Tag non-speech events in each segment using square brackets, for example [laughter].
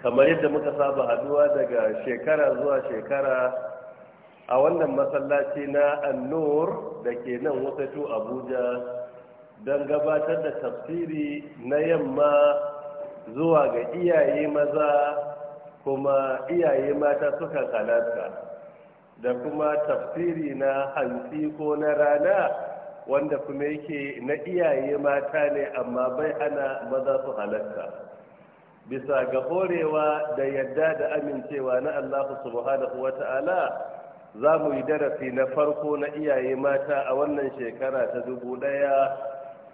kamar yadda muka saba haduwa daga shekara zuwa shekara a wannan masallaci na annur da ke nan wasatu abuja don gabatar da tafsiri na yamma zuwa ga iyaye maza kuma iyaye mata suka halarta da kuma tafsiri na hansi ko na rana wanda kuma yake na iyaye mata ne amma bai ana maza su halarta bisa ga horewa da yadda da amincewa na Allah subhanahu Ta'ala, za mu yi darasi na farko na iyaye mata a wannan shekara ta dubu ɗaya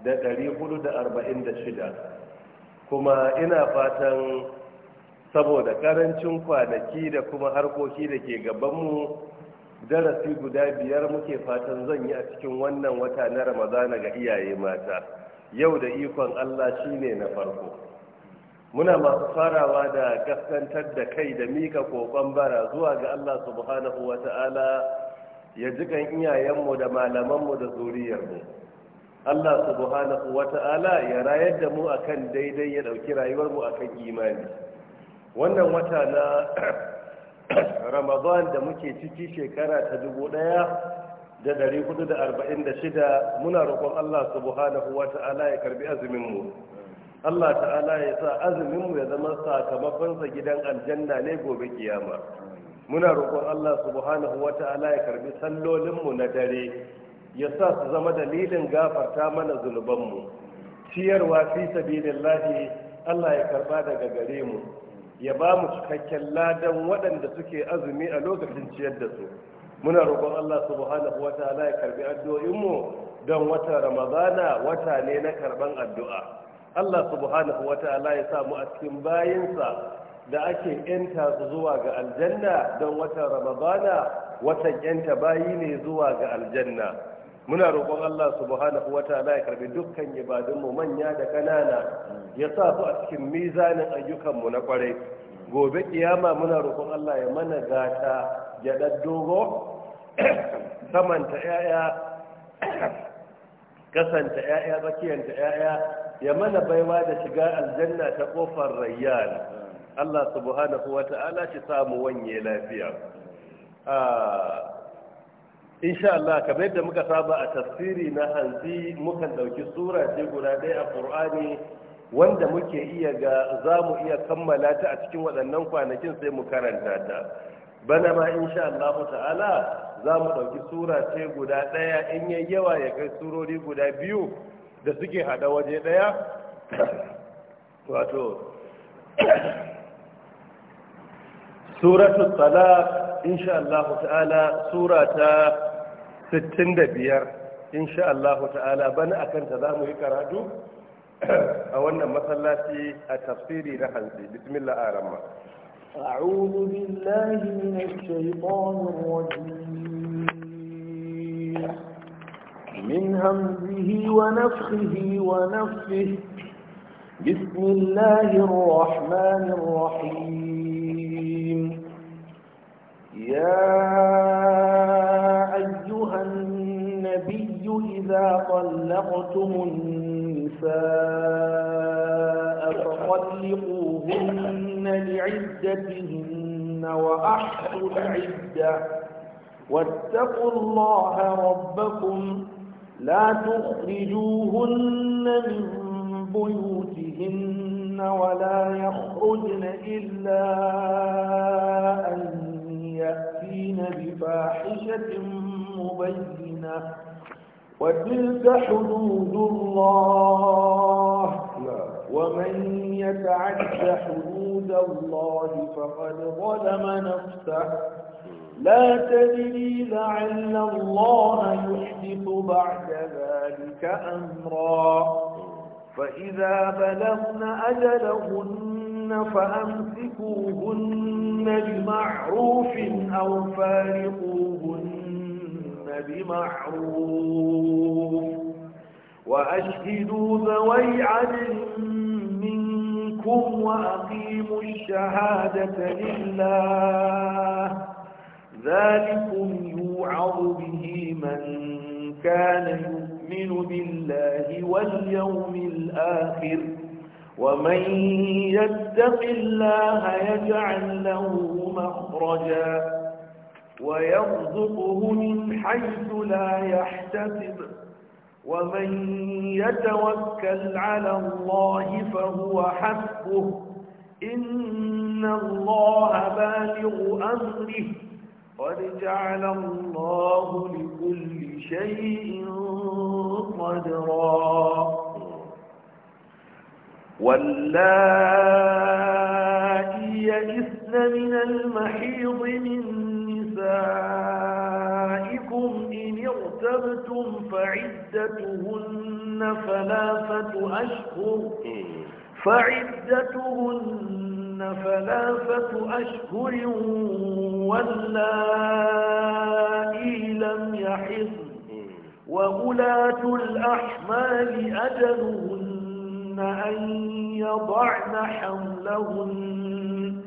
da da arba'in da shida, kuma ina fatan saboda ƙarancin kwanaki da kuma harkoki da ke gabanmu darasi guda biyar muke fatan zan yi a cikin wannan wata na ramadana ga iyaye mata yau da ikon allah shine na farko muna masu farawa da gaskantar da kai da mika kokon bara zuwa ga Allah subhanahu wa ya ji iyayenmu da malamanmu da zuriyarmu Allah subhanahu wa ya rayar da mu akan daidai ya ɗauki rayuwarmu akan imani wannan wata na [clears throat] ramadan da muke ciki shekara ta dubu shida muna roƙon Allah subhanahu wa ya karbi azumin mu Allah ta'ala ya sa azumin mu ya zama sakamakonsa gidan aljanna ne gobe kiyama muna roƙon Allah subhanahu wata'ala ya karbi sallolin mu na dare ya sa su zama dalilin gafarta mana zunuban mu ciyarwa fi sabilillahi Allah ya karba daga gare mu ya ba mu cikakken ladan waɗanda suke azumi a lokacin ciyar da su muna roƙon Allah subhanahu wata'ala ya karbi addu'o'in mu don wata ramadana wata ne na karban addu'a Allah subhanahu wa ta'ala ya samu a cikin bayinsa da ake yanta su zuwa ga aljanna don watan ramadana watan yanta bayi ne zuwa ga aljanna muna roƙon Allah subhanahu wa ta'ala ya karbi dukkan ibadunmu mu manya da kanana ya sa su a cikin mizanin ayyukanmu na kwarai gobe kiyama muna roƙon Allah ya mana gata gyaɗar dogo [coughs] samanta 'ya'ya kasanta [coughs] 'ya'ya tsakiyanta 'ya'ya ya mana baiwa da shiga aljanna ta kofar rayyan Allah subhanahu wa ta'ala shi samu wanye lafiya ah, insha Allah kamar yadda muka saba a tafsiri na hanzi muka dauki sura ce guda ɗaya a Qur'ani wanda muke iya ga za mu iya kammala ta a cikin waɗannan kwanakin sai mu karanta ta bana ma insha Allah ta'ala za mu ɗauki sura ce guda ɗaya in yayi yawa ya kai surori guda biyu da suke hada waje daya wato suratul talaq insha Allah ta'ala sura ta 65 insha Allah ta'ala bana akan ta zamu yi karatu a wannan masallaci a tafsiri na hanzi bismillah arama أعوذ بالله من الشيطان الرجيم من همزه ونفخه ونفخه بسم الله الرحمن الرحيم يا أيها النبي إذا طلقتم النساء فطلقوهن لعدتهن وأحسوا العدة واتقوا الله ربكم لا تخرجوهن من بيوتهن ولا يخرجن إلا أن يأتين بفاحشة مبينة وتلك حدود الله ومن يتعد حدود الله فقد ظلم نفسه لا تدري لعل الله يحدث بعد ذلك أمرا فإذا بلغن أجلهن فأمسكوهن بمعروف أو فارقوهن بمعروف وأشهدوا ذوي عدل منكم وأقيموا الشهادة لله ذلكم يوعظ به من كان يؤمن بالله واليوم الآخر ومن يتق الله يجعل له مخرجا ويرزقه من حيث لا يحتسب ومن يتوكل على الله فهو حسبه إن الله بالغ أمره قد جعل الله لكل شيء قدرا واللائي يئسن من المحيض من نسائكم إن ارتبتم فعدتهن ثلاثة أشهر فعدتهن ثلاثة أشهر واللائي لم يحض وأولاة الأحمال أجلهن أن يضعن حملهن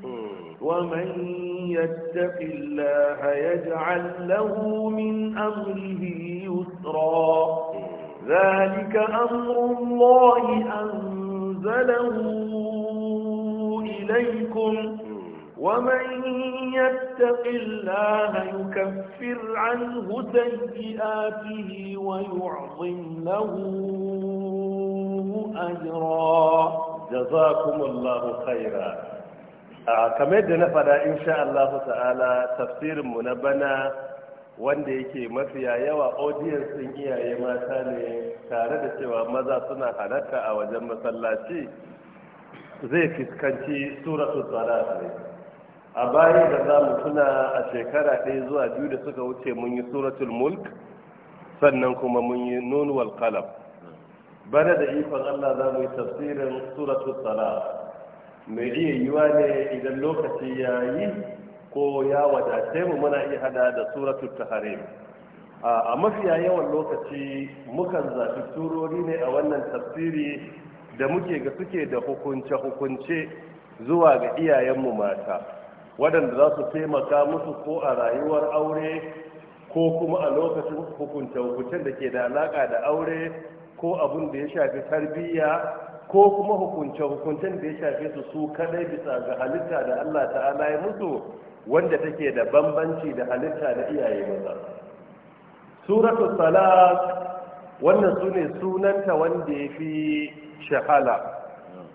ومن يتق الله يجعل له من أمره يسرا ذلك أمر الله أنزله إليكم ومن يتق الله يكفر عنه سيئاته ويعظم له أجرا جزاكم الله خيرا كما يدنا فلا إن شاء الله تعالى تفسير منبنا wanda yake mafiya yawa audience sun iyaye mata ne tare da cewa maza suna halatta a wajen masallaci zai fuskanci suratu salat ne a baya da za mu tuna a shekara ɗaya zuwa biyu da suka wuce mun yi suratul mulk sannan kuma mun yi nunuwal wal bane da ikon Allah za mu yi tafsirin suratul tsala mai iya yiwa ne idan lokaci ya yi ko ya wadace mu muna iya hada da suratul tahrim a mafiya yawan lokaci mukan zafi surori ne a wannan tafsiri da muke ga suke da hukunce-hukunce zuwa ga iyayenmu mata waɗanda za su taimaka musu ko a rayuwar aure ko kuma a lokacin hukunce-hukuncen da ke da alaƙa da aure ko abin da ya shafi tarbiyya ko kuma hukunce-hukuncen da ya shafi su su kadai bisa ga halitta da Allah ta'ala ya musu wanda take da bambanci da halitta da iyaye maza suratul salat wannan sune sunanta wanda ya fi shahala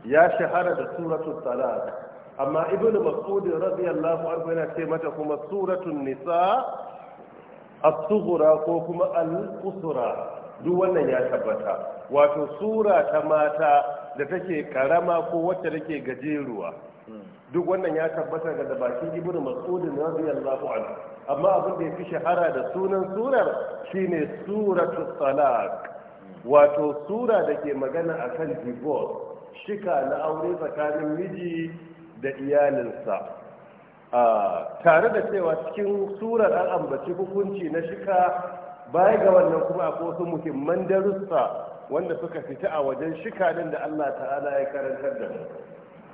ya shahara da suratul talaq amma ibnu mas'ud radiyallahu anhu yana ce mata kuma suratul nisa as-sughra ko kuma al-usra duk wannan ya tabbata wato sura ta mata da take karama ko wacce take gajeruwa duk wannan ya tabbata ga bakin ibnu mas'ud radiyallahu anhu amma abin da fi shahara da sunan surar shine suratul talaq wato sura da ke magana a kan divorce shika na aure tsakanin miji da iyalinsa tare da cewa cikin surar an ambaci hukunci na shika baya ga wannan kuma akwai wasu muhimman darussa wanda suka fita a wajen shika din da Allah ta'ala ya karantar da mu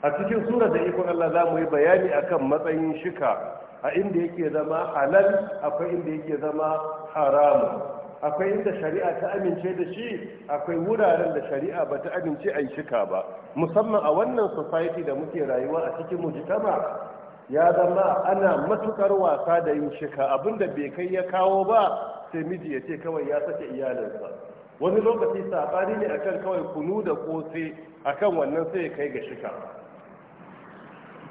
a cikin surar da ikon Allah za mu yi bayani akan matsayin shika a inda yake zama halal akwai inda yake zama haramun akwai inda shari'a ta amince da shi akwai wuraren da shari'a ba ta amince a yi shika ba musamman a wannan society da muke rayuwa a cikin mujtama ya zama ana matukar wasa da yin shika abinda bai kai ya kawo ba sai miji ya ce kawai ya sake iyalinsa wani lokaci sabani ne akan kawai kunu da kose akan wannan sai ya kai ga shika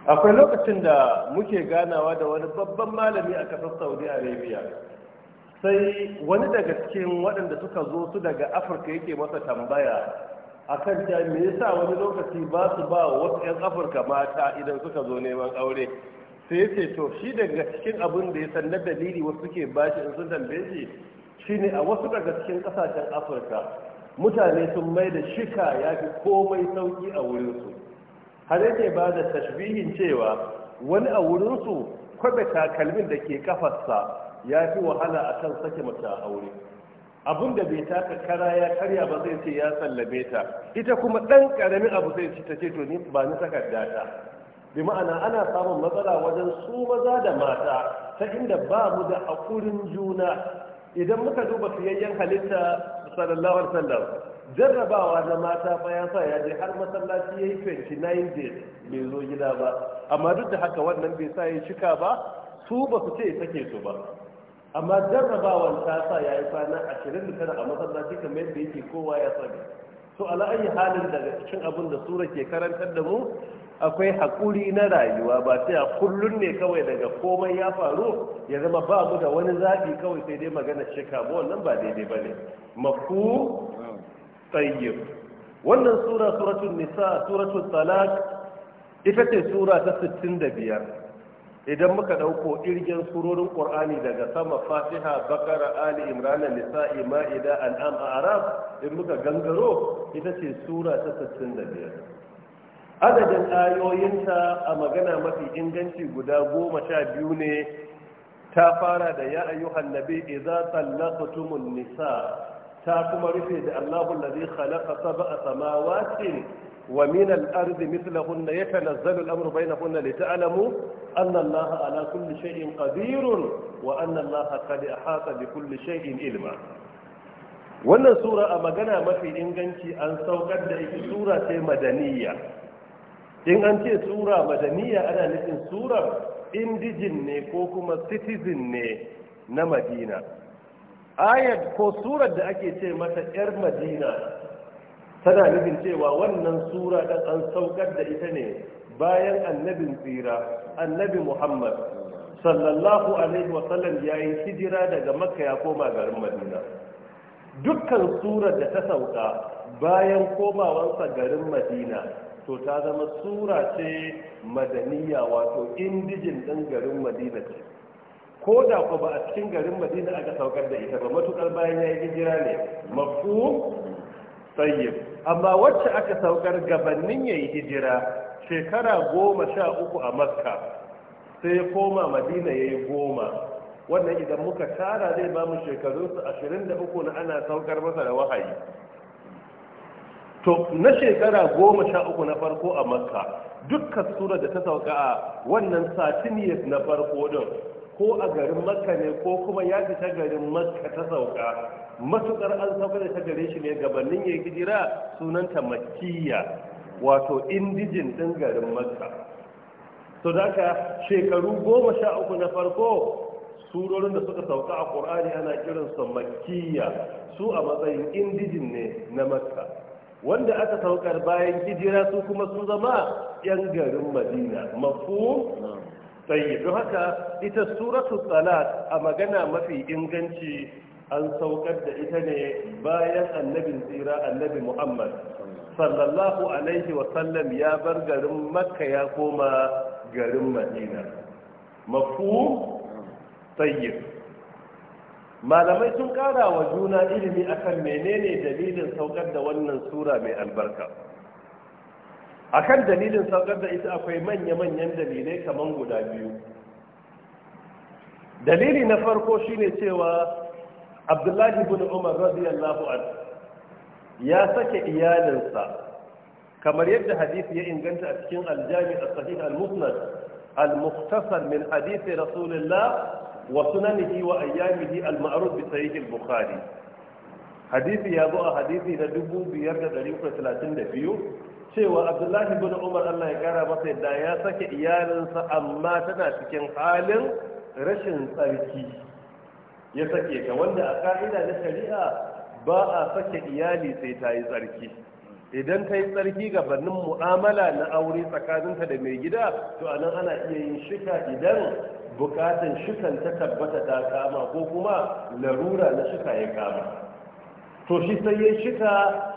akwai lokacin da muke ganawa da wani babban malami a kasar saudi arabia sai wani daga cikin waɗanda suka zo su daga afirka yake masa tambaya akan kan me yasa wani lokaci ba su ba wasu 'yan afirka mata idan suka zo neman aure sai ce to shi daga cikin abin da ya san na dalili wasu suke bashi in sun tambaye shi shine a wasu daga cikin kasashen afirka mutane sun mai da shika ya fi komai sauki a wurinsu har yake ba da tashbihin cewa wani a wurinsu kwabe takalmin da ke kafarsa ya fi wahala a kan sake mace a aure abun da bai taka kara ya karya ba zai ce ya sallame ta ita kuma ɗan ƙaramin abu zai ci ta ce to ni ba ni takarda ta bi ma'ana ana samun matsala wajen su maza da mata ta inda ba mu da akurin juna idan muka duba fiyayyen halitta sallallahu alaihi wasallam jarrabawa na mata fa ya sa ya je har masallaci yayi 29 days bai zo gida ba amma duk da haka wannan bai sa ya shika ba su ba su ce sake su ba amma jarrabawan ta sa ya yi kwana ashirin da tara a masallaci kamar yadda yake kowa ya sani to ala ayi halin daga cikin abin da sura ke karantar da mu akwai haƙuri na rayuwa ba sai a kullun ne kawai daga komai ya faru ya zama ba mu da wani zaɓi kawai sai dai magana shika ba wannan ba daidai ba ne mafu tsayyib wannan sura suratun nisa suratun talak ita ce sura ta 65 idan muka ɗauko irgin surorin ƙur'ani daga sama fatiha bakara ali imrana nisa'i ma'ida an'am a arab in muka gangaro ita ce sura ta 65 adadin ayoyinta a magana mafi inganci guda goma sha biyu ne ta fara da ya ayyuhan nabi idza tallaqtumun nisa ta kuma rufe da allahu allazi khalaqa sab'a samawatin ومن الأرض مثلهن يتنزل الأمر بينهن لتعلموا أن الله على كل شيء قدير وأن الله قد أحاط بكل شيء علما wannan sura a magana mafi inganci an saukar da ita sura ce madaniya in an ce sura madaniya ana nufin surar indijin ne ko kuma citizen ne na madina ayat ko surar da ake ce mata 'yar madina tana nufin cewa wannan sura ɗan an saukar da ita ne bayan annabin tsira annabi muhammad sallallahu alaihi wasallam ya yi hijira daga makka ya koma garin madina dukkan surar da ta sauka bayan komawansa garin madina to ta zama sura ce madaniya wato indijin ɗin garin madina ce ko da ku ba a cikin garin madina aka saukar da ita ba matukar bayan ya yi hijira ne mafu sayyid amma wacce aka saukar gabanin yayi hijira shekara goma sha uku a makka sai ya koma madina ya yi goma wannan idan muka tara zai ba mu su ashirin da uku na ana saukar masa da wahayi to na shekara goma sha uku na farko a makka dukkan sura da ta sauka a wannan satiniyas na farko din ko a garin makka ne ko kuma ya fita garin makka ta sauka matukar an sauka da ta gare shi ne gabanin ya hijira sunanta makkiya wato indijin din garin makka to daga shekaru goma sha uku na farko surorin da suka sauka a ƙur'ani ana kiran kiransu makkiya su a matsayin indijin ne na makka wanda aka saukar bayan hijira su kuma su zama 'yan garin madina mafhum tsaye haka ita suratu salat a magana mafi inganci an saukar da ita ne bayan annabin tsira annabi muhammad sallallahu alaihi wasallam ya bar garin makka ya koma garin madina mafu tsaye malamai sun kara wa juna ilimi akan menene dalilin saukar da wannan sura mai albarka akan dalilin saukar da ita akwai manya-manyan dalilai kamar guda biyu dalili na farko shine cewa abdullahi bin umar radiyallahu an ya sake iyalinsa kamar yadda hadisi ya inganta a cikin aljami a sahih al-musnad al-mukhtasar min hadisi rasulullah wa sunanihi wa ayyamihi al-ma'ruf bi sahih al-bukhari hadisi ya zo a hadisi na 2332 cewa abdullahi bin umar allah ya kara masa yadda ya sake iyalinsa amma tana cikin halin rashin tsarki ya sake ka wanda a ka'ida na shari'a ba a sake iyali sai ta yi tsarki idan ta yi tsarki gabanin mu'amala na aure tsakaninta da mai gida to a nan ana iya yin shika idan bukatan shikan ta tabbata ta kama ko kuma larura na shika ya kama to shi sai ya shika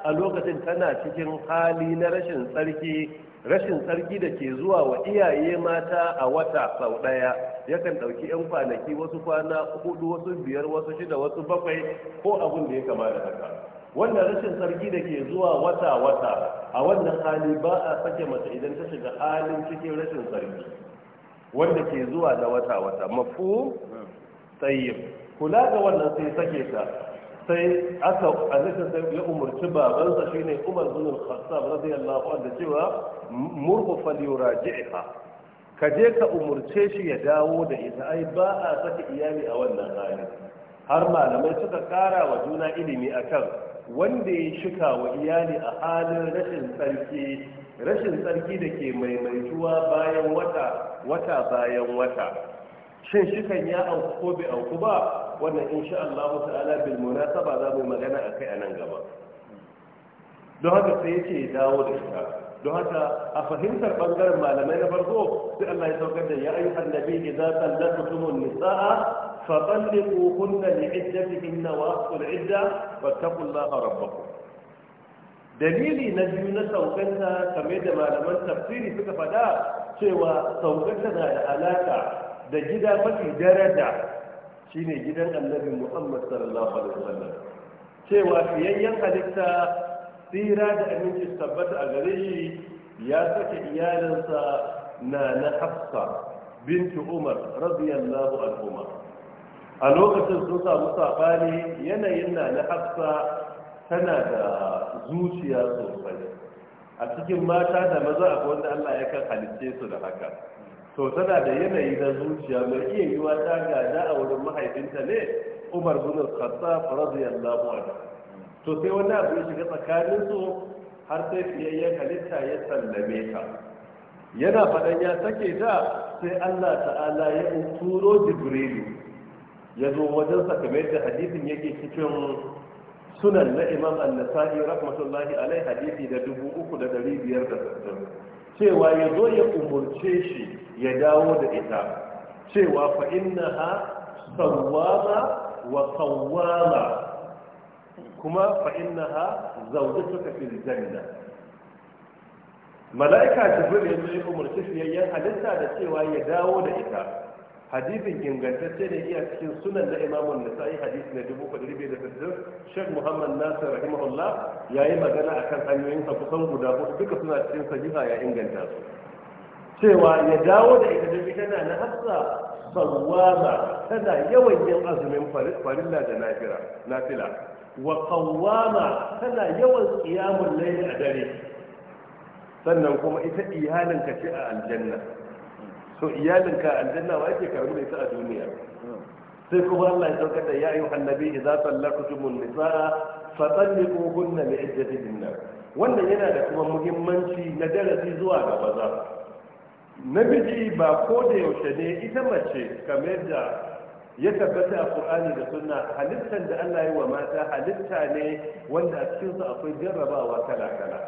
a lokacin tana cikin hali na rashin tsarki rashin tsarki da ke zuwa wa iyaye mata a wata sau ɗaya yakan ɗauki 'yan kwanaki wasu kwana hudu wasu biyar wasu shida wasu bakwai ko abin da ya kama da haka wannan rashin tsarki da ke zuwa wata wata a wannan hali ba a sake mace idan ta shiga halin cikin rashin tsarki wanda ke zuwa na wata wata mafu tsayin kula da wannan sai sake ta sai aka annabi sai ya umarci babansa shine Umar bin Al-Khattab radiyallahu anhu cewa murhu falyuraji'ha ka je ka umurce shi ya dawo da ita ai ba a saka iyali a wannan hali har malamai suka kara wa juna ilimi akan wanda ya shika wa iyali a halin rashin tsarki rashin tsarki da ke maimaituwa bayan wata wata bayan wata shin shikan ya auku ko bai auku ba wannan insha Allah ta'ala bil munasaba za mu magana akai a nan gaba don haka sai yake dawo da ita don haka a fahimtar bangaren malamai na farko sai Allah ya saukar da ya ayyuka annabi idza tallaqtumun nisaa fa talliquhunna li iddatihinna wa aqul idda wattaqullaha rabbakum dalili na biyu na saukanta kamar da malaman tafsiri suka fada cewa saukanta na da alaka da gida mafi daraja shine gidan annabi muhammad sallallahu alaihi wasallam cewa fiyayyen halitta tsira da aminci tabbata a gare shi ya saka iyalinsa na na hafsa bintu umar radiyallahu anhuma a lokacin sun samu sabani yanayin na na hafsa tana da zuciya sosai a cikin mata da maza a wanda Allah ya kan halicce su da haka to tana da yanayi na zuciya mai iya yiwa ta gada a wurin mahaifinta ne umar bin al-khattab radiyallahu anhu to sai wani abu ya shiga tsakanin su har sai fiyayyen halitta ya sallame ta yana faɗan ya sake ta sai Allah ta'ala ya turo jibrilu ya zo wajen sakamai da hadisin yake cikin sunan na imam an-nasa'i rahmatullahi alaihi hadisi da dubu uku da dari biyar 3560 cewa ya zo ya umurce shi ya dawo da ita cewa fa ha sawwama wa sawwama kuma fa innaha zawjatuka fil janna malaika jibril ya zai umarci fiyayyen halitta da cewa ya dawo da ita hadisin ingantacce da iya cikin sunan na imamun nasa'i hadisi na dubu kwadir bai da sassan shek muhammad nasir rahimahullah ya yi magana a kan hanyoyin sa guda hudu duka suna cikin sahiha ya inganta su cewa ya dawo da ita tafi tana na hassa sawwama tana yawan yin azumin farilla da nafila nafila wa tana yawan tsiyamun layl a dare sannan kuma ita iyalinka ce a aljanna so iyalinka a aljanna wa yake karbi da ita a duniya sai kuma Allah ya saukar da ya ayyuhan nabi idza sallaktumun nisaa fatalliquhunna li iddatihinna wannan yana da kuma muhimmanci na darasi zuwa ga maza namiji ba ko da yaushe ne ita mace kamar da ya tabbata a ƙulani da suna halittar da Allah yi wa mata halitta ne wanda a cikinsu akwai jarrabawa kala kala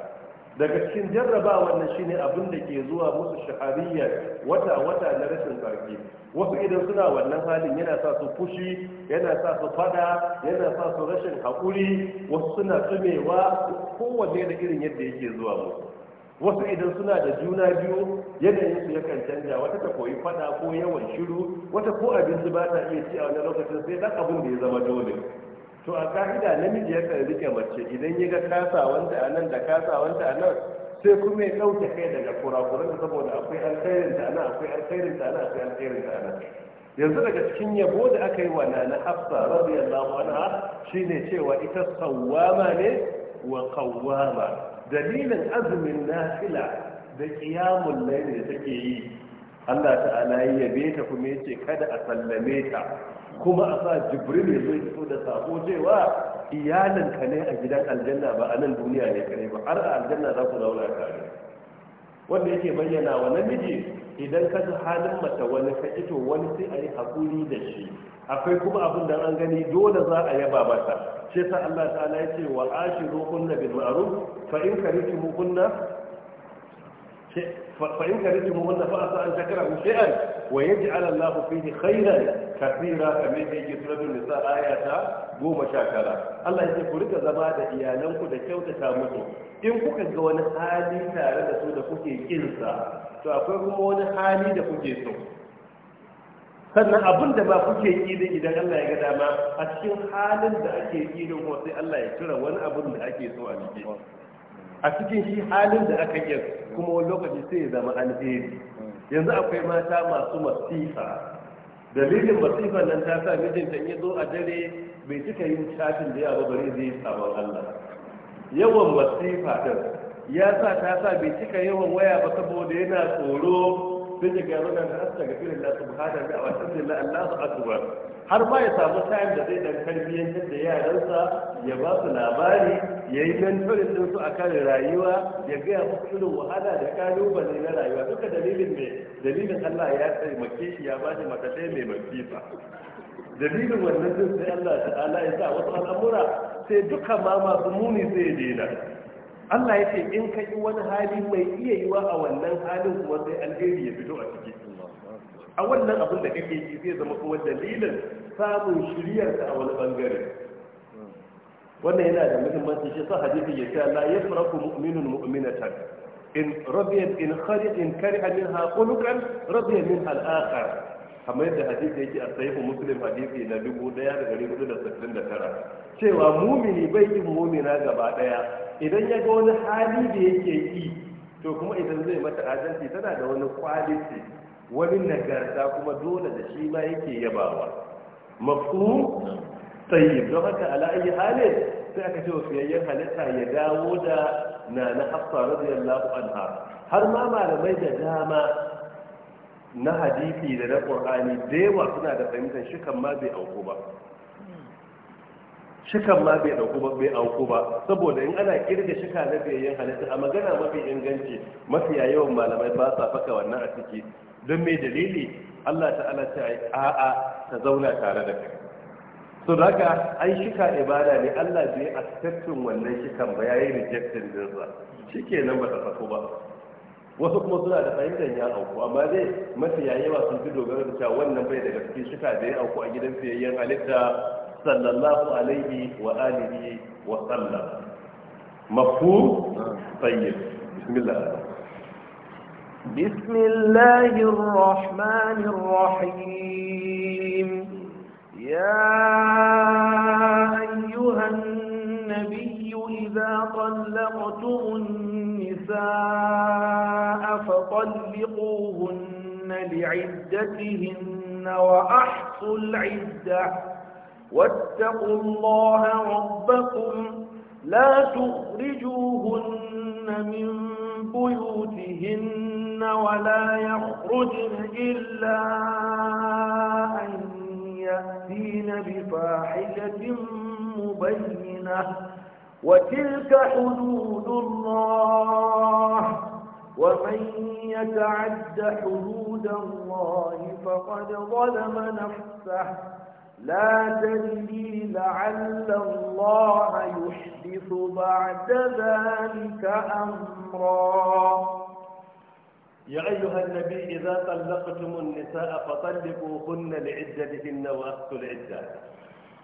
daga cikin jarrabawa nan shine abin da ke zuwa musu shahariyar wata wata na rashin tsarki wasu idan suna wannan halin yana sa su fushi yana sa su fada yana sa su rashin haƙuri wasu suna tsumewa kowanne da irin yadda yake zuwa musu wasu idan suna da juna biyu yanayinsu yakan canja wata ta koyi fada ko yawan shiru wata ko abinci ba ta iya ci a wani lokacin sai dan abin da ya zama dole to a ka'ida namiji ya kan rike mace idan ya ga wanda a nan da wanda a nan sai kuma ya ɗauke kai daga kurakuran saboda akwai alkhairin ta nan akwai alkhairin ta nan akwai alkhairin ta nan yanzu daga cikin yabo da aka yi wa nana hafsa radiyallahu anha shine cewa ita sawwama ne wa qawwama dalilin azumin nafila da kiyamun laili da take yi Allah ta'ala ya yabe ta kuma yace kada a sallame ta kuma a sa jibril ya zo ya fito da sako cewa ka ne a gidan aljanna ba a nan duniya ne kare ba har a aljanna za ku zauna tare wanda yake bayyana wa namiji idan ka ji halin mata wani ka ito wani sai a yi haƙuri da shi akwai kuma abin da an gani dole za a yaba mata shi yasa Allah ta'ala yace wa ashiru kunna bil ma'ruf fa in karitumu kunna fa in karitumu kunna fa asa an takrahu shay'an wa yaj'al Allahu fihi khayran kathira kamar da yake suratul nisa ayata 19 Allah yace ku rika zama da iyalanku da kyautata musu in kuka ga wani hali tare da su da kuke kinsa to akwai kuma wani hali da kuke so sannan abin da ba kuke yi idan Allah ya ga dama a cikin halin da ake yi kuma sai Allah ya cire wani abin da ake so a jike a cikin shi halin da aka yi kuma wani lokaci sai ya zama alheri yanzu akwai mata masu masifa dalilin masifa nan ta sa mijinta ya zo a dare bai cika yin shafin da yawa bari zai sabon Allah yawan masifa din ya sa ta sa bai cika yawan waya ba saboda yana tsoro sai ya gano da na ta gafi Allah subhanahu wa Allahu akbar har ba ya samu time da zai dan karbiyantar da yaransa ya ba su labari yayi mentoring din su akan rayuwa ya ga musu wahala da kalubale na rayuwa duka dalilin ne dalilin Allah ya taimake shi ya ba shi makaɗe mai mafifa dalilin wannan din sai Allah ta'ala ya sa wasu al'amura sai duka ma masu muni zai dena Allah ya ce in ka yi wani hali mai iya yiwa a wannan halin kuma sai alheri ya fito a ciki a wannan abin da kake yi zai zama kuma dalilin samun shiryar a wani bangare wannan yana da muhimmanci shi sa hadisi ya ce la yafraku mu'minun mu'minatan in rabiyat in khariyat in kariha minha qulukan rabiya minha al-akhar kamar yadda hadisi yake a sahihu muslim hadisi na 1469 cewa mumini bai yi mumina gaba daya idan ya ga wani hali da yake yi to kuma idan zai mata adalci tana da wani kwaliti wani nagarta kuma dole da shi ma yake yabawa mafhum tayyib don haka ala ayi hali sai aka ce wasiyayyen halitta ya dawo da na na hafsa radiyallahu anha har ma malamai da dama na hadisi da na ƙorani da yawa suna da fahimtar shikan ma bai auku ba shikan ma bai dauku ba bai auku ba saboda in ana kirga shika na biyayyen halitta a magana mafi inganci mafiya yawan malamai ba sa faka wannan a ciki don mai dalili Allah ta'ala ta yi a'a ta zauna tare da kai so haka ai shika ibada ne Allah zai a accepting wannan shikan ba yayi rejection din sa shikenan ba ta sako ba wasu kuma suna da fahimtar ya auku amma dai mafi yawa sun fi dogara da cewa wannan bai daga cikin shuka da ya auku a gidan fiyayyen halitta sallallahu alaihi wa alihi wa sallam mafhum tayyib bismillah بسم ya الرحمن الرحيم إذا طلقتم النساء فطلقوهن لعدتهن وأحصوا العدة واتقوا الله ربكم لا تخرجوهن من بيوتهن ولا يخرجن إلا أن يأتين بفاحشة مبينة وتلك حدود الله ومن يتعد حدود الله فقد ظلم نفسه لا تدري لعل الله يحدث بعد ذلك أمرا يا أيها النبي إذا طلقتم النساء فطلقوهن لعدتهن وأخذوا العدة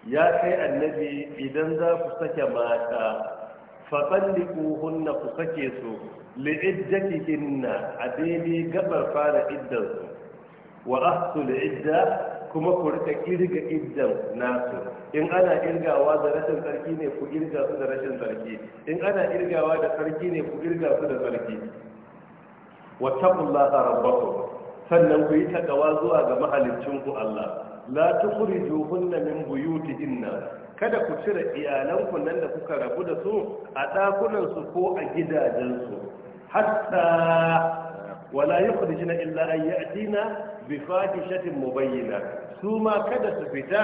ya kai annabi idan za ku sake mata fatalliquhunna ku sake su li'iddatihinna a daidai gabar fara iddan su wa ahsul idda kuma ku rika kirga iddan nasu in ana kirgawa da rashin tsarki ne ku kirga su da rashin tsarki in ana kirgawa da tsarki ne ku kirga su da tsarki wa taqullaha rabbakum sannan ku yi takawa zuwa ga ku Allah la tukhrijuhunna min buyutihinna kada ku cire iyalanku nan da kuka rabu da su a dakunan su ko a gidajen su hatta wala yukhrijna illa an ya'tina bi fahishatin mubayyina su ma kada su fita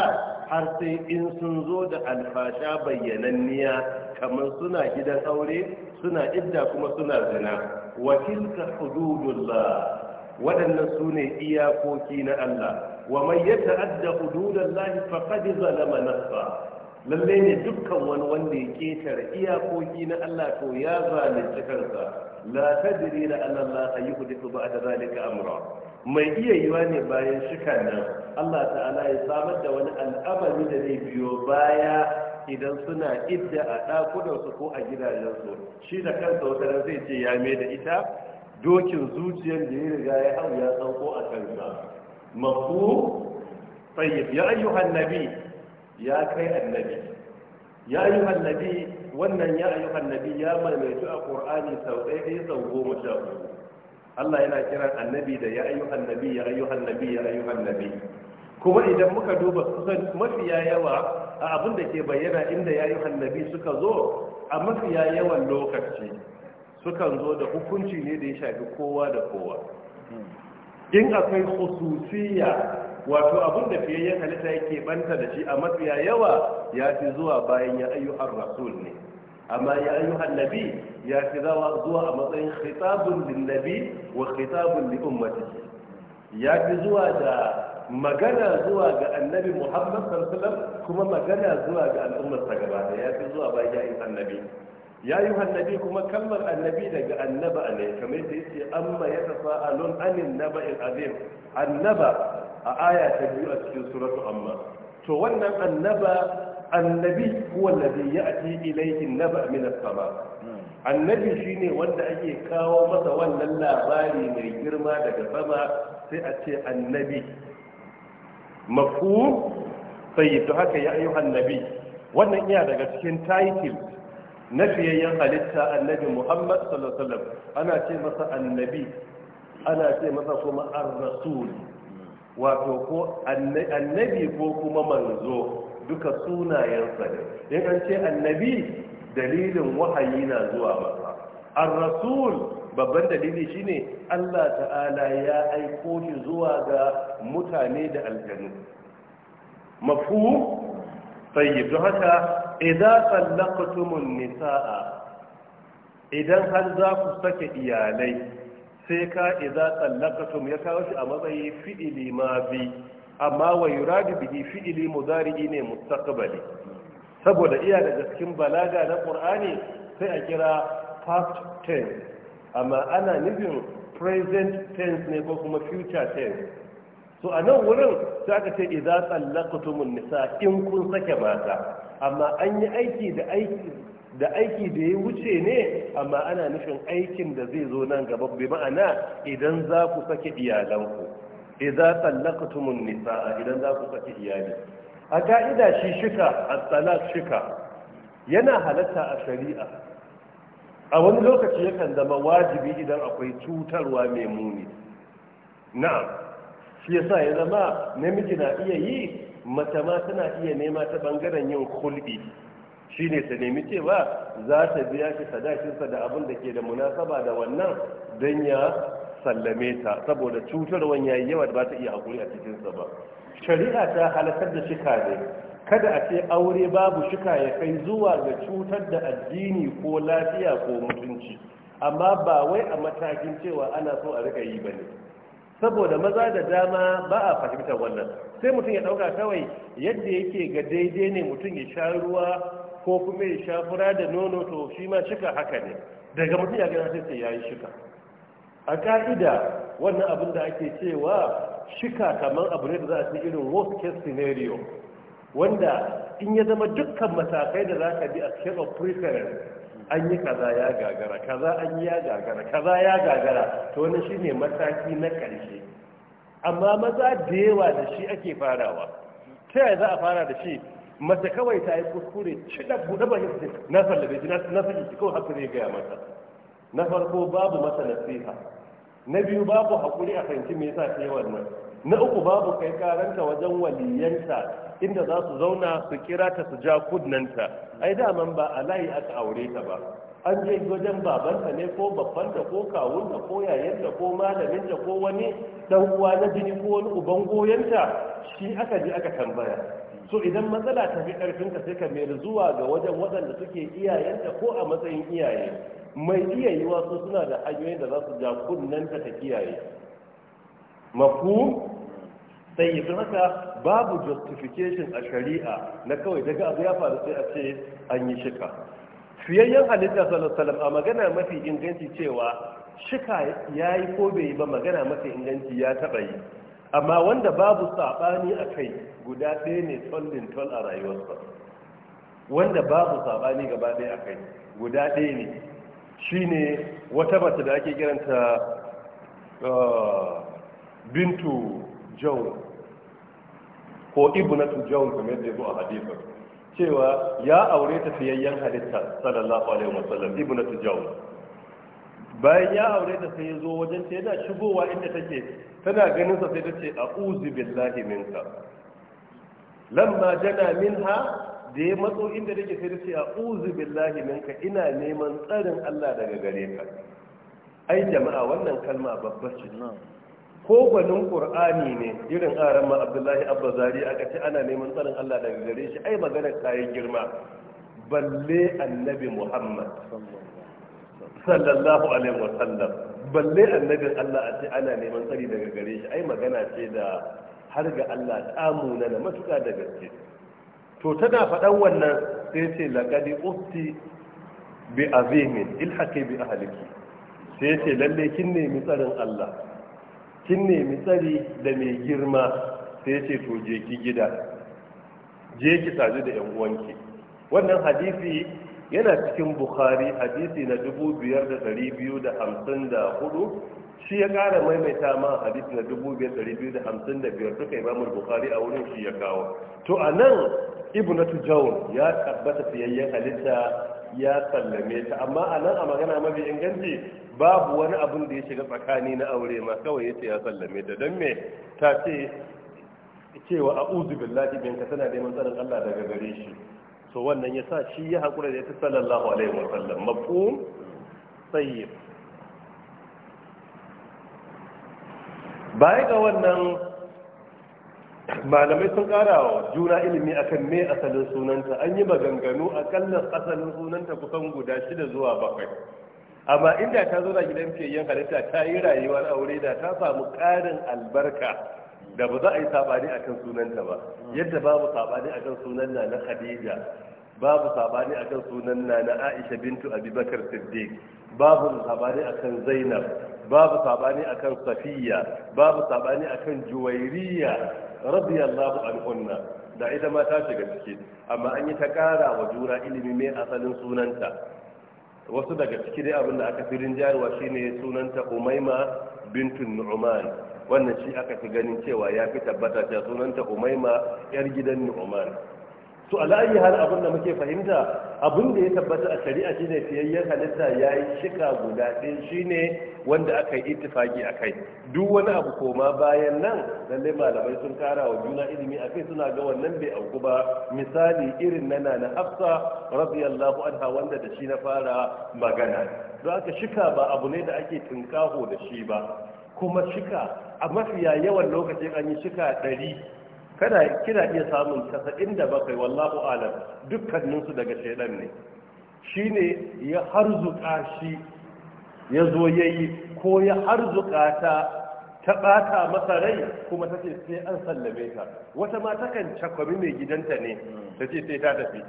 har sai in sun zo da alfasha bayyananniya kamar suna gidan aure suna idda kuma suna zina wa tilka hududullah waɗannan su ne iyakoki na Allah wa man yata'adda hududallahi faqad zalama nafsa lalle ne dukkan wani wanda ya ketare iyakoki na Allah to ya zalunci kansa la tadri la anna Allah yuhdithu ba'da zalika amra mai iya yiwa ne bayan shikan nan Allah ta'ala ya samar da wani al'amari da zai biyo baya idan suna idda a ɗakunansu ko a gidajensu shi da kansa wata ran zai ce ya mai da ita dokin zuciyar da ya riga ya hau ya sauko a kansa مفهوم طيب يا أيها النبي يا كي النبي يا أيها النبي wannan ya ayyukan nabi ya maimaitu a qur'ani sau ɗaya ɗaya sau goma sha uku Allah yana kiran annabi da ya ayyukan nabi ya ayyukan nabi ya ayyukan nabi kuma idan muka duba kusan mafiya yawa a abin da ke bayyana inda ya ayyukan nabi suka zo a mafiya yawan lokaci sukan zo da hukunci ne da ya shafi kowa da kowa in akwai khususiyya wato abin da fiye fiyayyen halitta yake banta da shi a mafiya yawa ya fi zuwa bayan ya ayyuhar rasul ne amma ya ayyuhar nabi ya fi zuwa a matsayin khitabun lin nabi wa khitabun li ummati ya fi zuwa da magana zuwa ga annabi muhammad sallallahu alaihi kuma magana zuwa ga al'ummar sa gaba da ya fi zuwa bayan ya annabi ya yi hannabi, kuma kalmar annabi daga annaba ne kamar da yake amma ya tafa alun anin naba il azim annaba a aya ta biyu a cikin suratu amma to wannan annaba annabi huwa alladhi ya'ti ilayhi an-naba min sama annabi shine wanda ake kawo masa wannan labari mai girma daga sama sai a ce annabi mafhum sai to haka ya ayyuhan nabi wannan iya daga cikin title na halitta annabi muhammad sallallahu alaihi wasallam ana ce masa annabi ana ce masa kuma ar-rasul wato ko annabi ko kuma manzo duka sunayensa ne in an ce annabi dalilin wahayi na zuwa masa ar-rasul babban dalili shine Allah ta'ala ya aiko shi zuwa ga mutane da aljanu mafhum tayyib don haka idan tsallakatumun nisa'a idan har za ku sake iyalai sai ka idan tum ya kawo shi a matsayi fi'ili ma bi amma wa yuradu bihi fi'ili mudari'i ne mustaqbali saboda iya daga cikin balaga na ƙur'ani, sai a kira past tense amma ana nufin present tense ne ko kuma future tense so a nan wurin za ka ce idan tumun nisa in kun sake mata amma an yi aiki da aiki da aiki da ya wuce ne amma ana nufin aikin da zai zo nan gaba bi ma'ana idan za ku sake iyalanku idza tallaqtumun nisa'a idan za ku sake iyali a ka'ida shi shika a talak shika yana halatta a shari'a a wani lokaci yakan zama wajibi idan akwai cutarwa mai muni na'am shi yasa ya zama namiji na iya yi mata ma tana iya nema ta bangaren yin hulɗi ne ta nemi cewa za ta biya shi sadakinsa da abin da ke da munasaba da wannan don ya sallame ta saboda cutarwan yi yawa da ba ta iya hakuri a cikinsa ba shari'a ta halakar da shika ne kada a ce aure babu shika ya kai zuwa ga cutar da addini ko lafiya ko mutunci amma ba wai a matakin cewa ana so a rika yi ba ne saboda maza da dama ba a fahimtar wannan sai mutum ya dauka kawai yadda yake ga daidai ne mutum ya sha ruwa ko kuma ya sha fura da nono to shi ma shika haka ne daga mutum ya gana sai ya yi shika a ka'ida wannan abin da ake cewa shika kamar abu ne da za a ce irin worst case scenario wanda in ya zama dukkan matakai da za ka bi a cikin of preference an yi kaza ya gagara kaza an yi ya gagara kaza ya gagara to wani shine mataki na ƙarshe amma maza da yawa da shi ake farawa ta yaya za a fara da shi mace kawai ta yi kuskure ci da buɗe ba na sallabe na saki kawai haka zai gaya mata na farko babu masa nasiha na biyu babu haƙuri a fahimci me yasa ta yi wannan na uku babu kai karanta wajen waliyanta inda za su zauna su kira ta su ja kudnanta ai daman ba a layi aka aure ta ba an je wajen babanta ne ko babbanta ko kawunta ko yayanta ko malaminta ko wani dan uwa na jini ko wani uban goyenta shi aka je aka tambaya so idan matsala ta fi ka sai ka mai zuwa ga wajen waɗanda suke iyayenta ko a matsayin iyaye mai iya yiwa su suna da hanyoyin da za su ja kunnanta ta kiyaye mafu sai haka babu justification a shari'a na kawai daga abu ya faru sai a ce an yi shika fiyayyen halitta salasalam a magana mafi inganci cewa shika ya yi ko bai yi ba magana mafi inganci ya taɓa yi amma wanda babu saɓani a kai guda ɗaya ne tollin toll a rayuwarsa wanda babu saɓani gaba ɗaya a kai guda ɗaya ne shine wata mace da ake kiranta uh, bintu jaun ko ibnatu jawn kamar yadda zo a hadisin cewa ya aure ta fiyayyen halitta sallallahu alaihi wasallam ibnatu jawn bayan ya aure ta sai yazo zo wajen ta yana shigowa inda take tana ganin sa sai ta ce a'udhu billahi minka lamma jana minha da ya matso inda take sai da ce a uzu billahi minka ina neman tsarin Allah daga gare ka ai jama'a wannan kalma babbar ce ko gwanin qur'ani ne irin aran ma abdullahi abbazari aka ce ana neman tsarin allah daga gare shi ai magana kayan girma balle annabi muhammad sallallahu alaihi wasallam balle annabin allah a ce ana neman tsari daga gare shi ai magana ce da har ga allah tamuna da matuka da gaske to tana faɗan wannan sai ce lagadi ufti bi azimin ilhaqi bi ahliki sai ce lalle kin nemi tsarin Allah kin nemi tsari da mai girma sai ce to je ki gida je ki sadu da yan uwanki wannan hadisi yana cikin bukhari hadisi na 2254 shi ya ƙara maimaita ma hadisi na suka yi mamur bukhari a wurin shi ya kawo to a nan ibnatu jawun ya tabbata fiyayyen halitta ya sallame ta amma a nan a magana mafi inganci babu wani abin da ya shiga tsakani na aure ma kawai ce ya sallame ta don me ta ce cewa a billahi min ka tana neman tsarin Allah daga gare shi so wannan ya sa shi ya haƙura da ya sallallahu alaihi wa sallam mafhum Ba yi ga wannan malamai sun kara wa juna ilimi akan mai asalin sunanta an yi maganganu akalla asalin sunanta kusan guda shida zuwa bakwai amma inda ta zo na gidan fiyayyen halitta ta yi rayuwar aure da ta samu karin albarka da ba za a yi sabani akan sunanta ba yadda babu sabani akan sunan na Khadija babu sabani akan sunan na na Aisha bintu abubakar Bakar babu sabani akan Zainab babu sabani akan Safiya babu sabani akan Juwairiya radiyallahu anhunna da ita ma ta shiga ciki amma an yi ta kara wa jura ilimi mai asalin sunanta wasu daga ciki dai abin da aka fi rinjarwa shine sunanta umaima bintun nu'uman wannan shi aka fi ganin cewa ya fi tabbata cewa sunanta umaima yar gidan nu'uman to a la'ayi har abin da muke fahimta abin da ya tabbata a shari'a shine fiyayyen halitta ya yi shika guda ɗin shine wanda aka yi ittifaki a kai duk wani abu koma bayan nan lallai malamai sun kara wa juna ilimi a kai suna ga wannan bai auku ba misali irin na na hafsa radiyallahu anha wanda da shi na fara magana don aka shika ba abu ne da ake tunkaho da shi ba kuma shika a mafiya yawan lokacin an yi shika ɗari kada kina iya samun inda bakai wallahu alam dukkanin su daga shedan ne shine ya harzuka shi ya zo yayi ko ya harzuka ta ta bata masa rai kuma ta sai an sallame ta wata ma takan cakwami mai gidanta ne ta sai ta tafi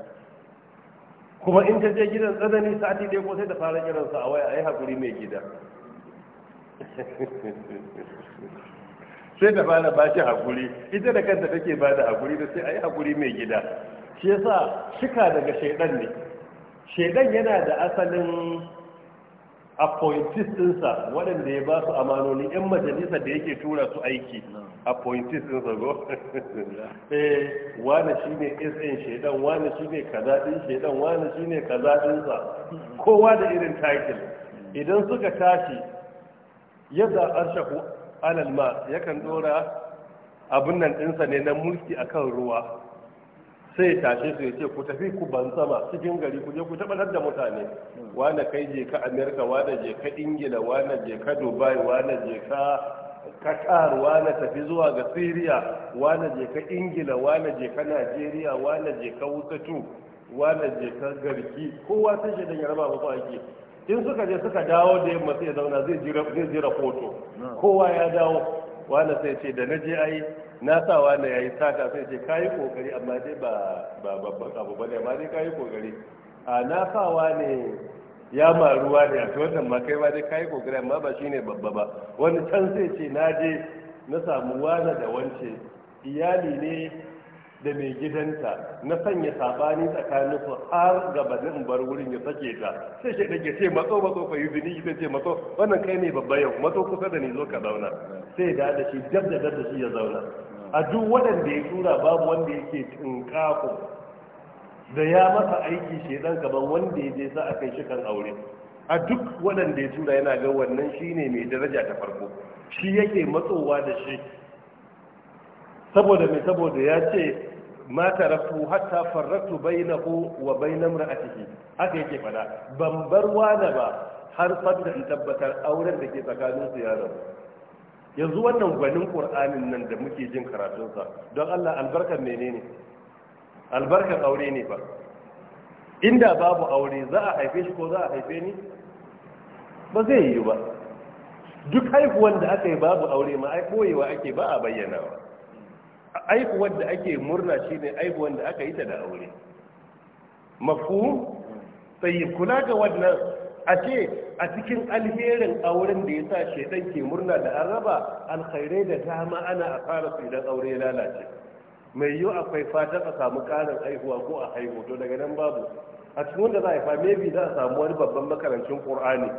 kuma in ta je gidan tsanani sati dai ko sai ta fara kiransa a waya a yi hakuri mai gida [laughs] sai da fara ba shi hakuri ita da kanta take ba da hakuri da sai a yi hakuri mai gida shi yasa shika daga shaidan ne shaidan yana da asalin appointees ɗinsa waɗanda ya ba su amanoni 'yan majalisa da yake tura su aiki appointees ɗinsa go eh wane shi ne sn shaidan wane shi ne kaza din shaidan wane shi ne kaza ɗinsa kowa da irin title idan suka tashi yadda arshaku alal ma yakan dora abin nan ɗinsa ne na mulki akan ruwa sai tashe su ya ce ku tafi ku ban sama cikin gari ku je ku taɓa da mutane wane kai je ka amerika wane je ka ingila wane je ka dubai wane je ka qatar wane tafi zuwa ga syria wane je ka ingila wane je ka nigeria wane je ka wutatu wane je ka garki kowa sai shi dan ya raba muku aiki in suka je suka dawo da yamma sai ya zauna zai jira zai jira kowa ya dawo wani sai ce da naje ai na sa wani yayi sata sai ce kai kokari amma dai ba ba babban abu bane amma dai kai kokari a na sa wani ya maruwa ruwa ne a to wannan ma kai ma dai kai kokari amma ba shine babba ba wani can sai ce na je na samu wani da wance iyali ne da mai gidanta na sanya sabani tsakanin su har gabanin bar wurin ya sake ta sai shi dake ce matso matso fa ni sai ce matso wannan kai ne babba yau matso kusa da ni zo ka zauna sai da da shi dab da dab da shi ya zauna a duk waɗanda ya tura babu wanda yake tinkako da ya masa aiki shi dan gaban wanda ya je sa a kai shi kan aure a duk waɗanda ya tura yana ga wannan shine mai daraja ta farko shi yake matsowa da shi saboda mai saboda ya ce ma tarafu hatta farratu bainahu wa bain imra'atihi haka yake fada ban bar wani ba har fadda in tabbatar auren da ke tsakanin su ya rabu yanzu wannan gwanin qur'anin nan da muke jin karatunsa don Allah albarkar menene albarkar aure ne ba inda babu aure za a haife shi ko za a haife ni ba zai yi ba duk haifuwan da aka yi babu aure ma ai koyewa ake ba a bayyana ba. aihuwar da ake murna shi ne aihuwar da aka yi ta da aure mafu tsayi kula ga wannan a ce a cikin alherin auren da ya sa shaidan ke murna da an raba alkhairai da dama ana a fara su idan aure lalace mai yiwu akwai fatan a samu karin haihuwa ko a haihu to daga nan babu a cikin wanda za a haifa mebi za a samu wani babban makarancin ƙur'ani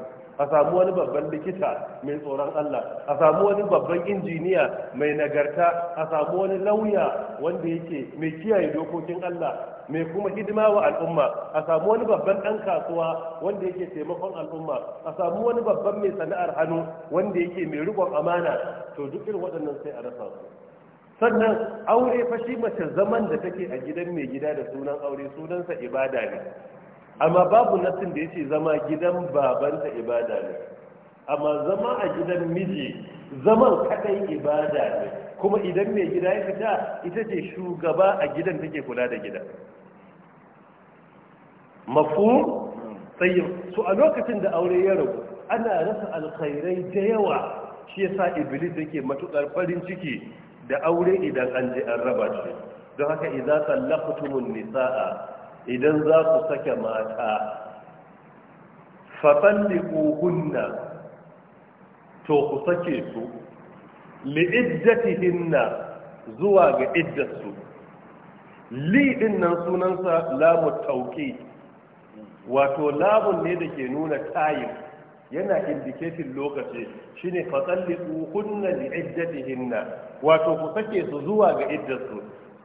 a samu wani babban likita mai tsoron Allah a samu wani babban injiniya mai nagarta a samu wani lauya wanda yake mai kiyaye dokokin Allah mai kuma hidima wa al'umma a samu wani babban ɗan kasuwa wanda yake taimakon al'umma a samu wani babban mai sana'ar hannu wanda yake mai rikon amana to duk irin waɗannan sai a rasa su sannan aure fa mace zaman da take a gidan mai gida da sunan aure sunansa ibada ne amma babu nassin da yace zama gidan babanta ibada ne amma zama a gidan miji zaman kadai ibada ne kuma idan mai gida ya fita ita ce shugaba a gidan take kula da gida mafu tsayin su a lokacin da aure ya rabu ana rasa alkhairai da yawa shi yasa iblis yake matukar farin ciki da aure idan an je an raba shi don haka idza sallaqtumun nisaa idan za ku sake mata fatalliquhunna to ku sake su li'iddatihinna zuwa ga iddarsu li'in nan sunansa lamu tauki wato lamun ne da ke nuna tayin yana indiketin lokaci shine fatalliquhunna li'iddatihinna wato ku sake su zuwa ga iddarsu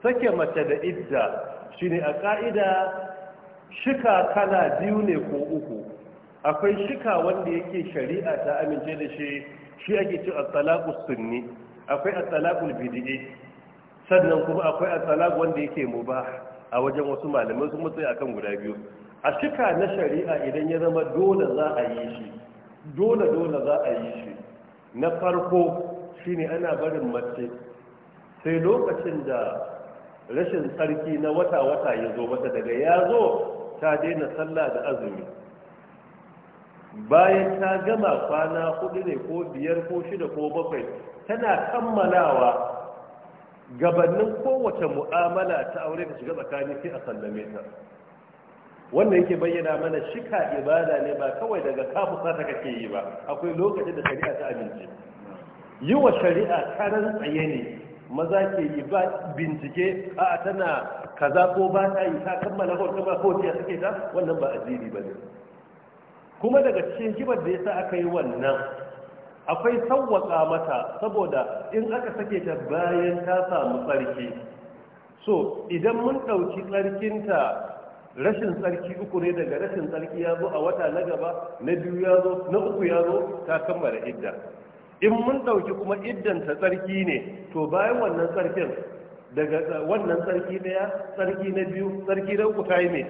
sake mace da idda shine a ƙa'ida shika kala biyu ne ko uku akwai shika wanda yake shari'a ta amince da shi shi ake ci a talaqu sunni akwai a talaqu sannan kuma akwai a wanda yake muba a wajen wasu malamai sun a akan guda biyu a shika na shari'a idan ya zama dole za a yi shi dole dole za a yi shi na farko shine ana barin mace sai lokacin da rashin tsarki na wata-wata ya zo mata daga ya zo ta daina sallah da azumi bayan ta gama kwana hudu ne ko biyar ko shida ko bakwai tana kammalawa gabanin kowace mu'amala ta aure ta shiga tsakani sai a sallame ta wannan yake bayyana mana shika ibada ne ba kawai daga kafusa ta kake yi ba akwai lokacin da shari'a ta abinci. yi wa shari'a karan tsaye ne maza ke yi ba bincike a tana kaza ko ba ta yi ta kammala ko ba ko ta suke ta wannan ba ba ne. kuma daga cikin kibar da ya sa aka yi wannan akwai sawwaka mata saboda in aka sake ta bayan ta samu tsarki so idan mun ɗauki tsarkinta rashin tsarki uku ne daga rashin tsarki ya zo a wata na gaba na biyu ya zo na uku ya zo ta kammala idda in mun ɗauki kuma iddanta tsarki ne to bayan wannan tsarkin daga wannan tsarki daya tsarki na biyu tsarki na uku ta yi mai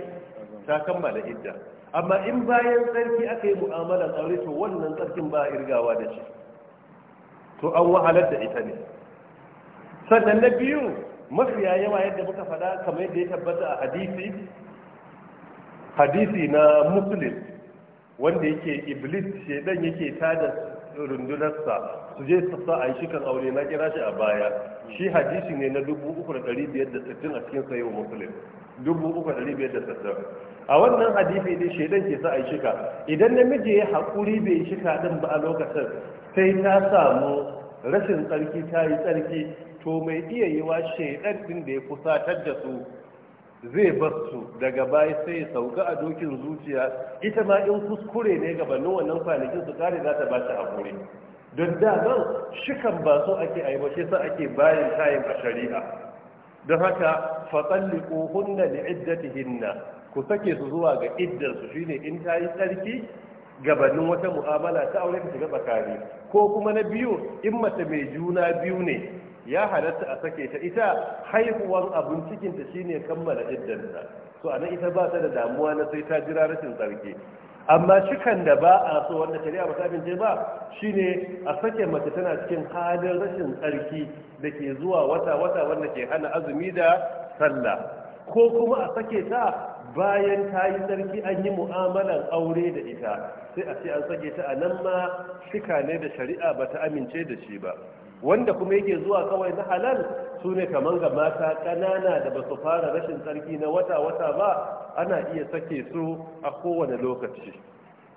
ta kammala idda amma in bayan tsarki aka yi mu'amalar aure to wannan tsarkin ba irgawa da shi to an wahalar da ita ne sannan na biyu mafiya yawa yadda muka faɗa kamar yadda ya tabbata a hadisi hadisi na muslim wanda yake iblis shedan yake tada rundunarsa su je su sa a yi kan aure na kira shi a baya shi hadisi ne na 3,560 a cikin sayo musulun 3,560 a wannan hadisi ne shaidan ke sa a yi shika idan namiji ya haƙuri bai shika din ba a lokacin sai ta samu rashin tsarki ta yi tsarki to mai iya yiwa shaidan din da ya kusa da su zai basu daga baya sai sauka a dokin zuciya ita ma in kuskure ne gabanin wannan kwanakin su kare za ta ba shi haƙuri don da nan shikan ba so ake a yi ba ake bayan kayan a shari'a don haka fatsalli ƙohunna da hinna ku sake su zuwa ga iddarsu shine in ta yi tsarki gabanin wata mu'amala ta aure ta shiga tsakani ko kuma na biyu in mace mai juna biyu ne ya halatta a sake ta ita haihuwar abin cikin ta shine kammala iddanta to anan ita ba ta da damuwa na sai ta jira rashin tsarki amma cikan da ba a so wanda shari'a ba ta bince ba shine a sake mace tana cikin halin rashin tsarki da ke zuwa wata wata wanda ke hana azumi da sallah ko kuma a sake ta bayan ta yi tsarki an yi mu'amalan aure da ita sai a ce an sake ta a nan ma shika ne da shari'a ba ta amince da shi ba wanda kuma yake zuwa kawai na halal su ne kamar ga mata ƙanana da ba su fara rashin tsarki na wata-wata ba ana iya sake su a kowane lokaci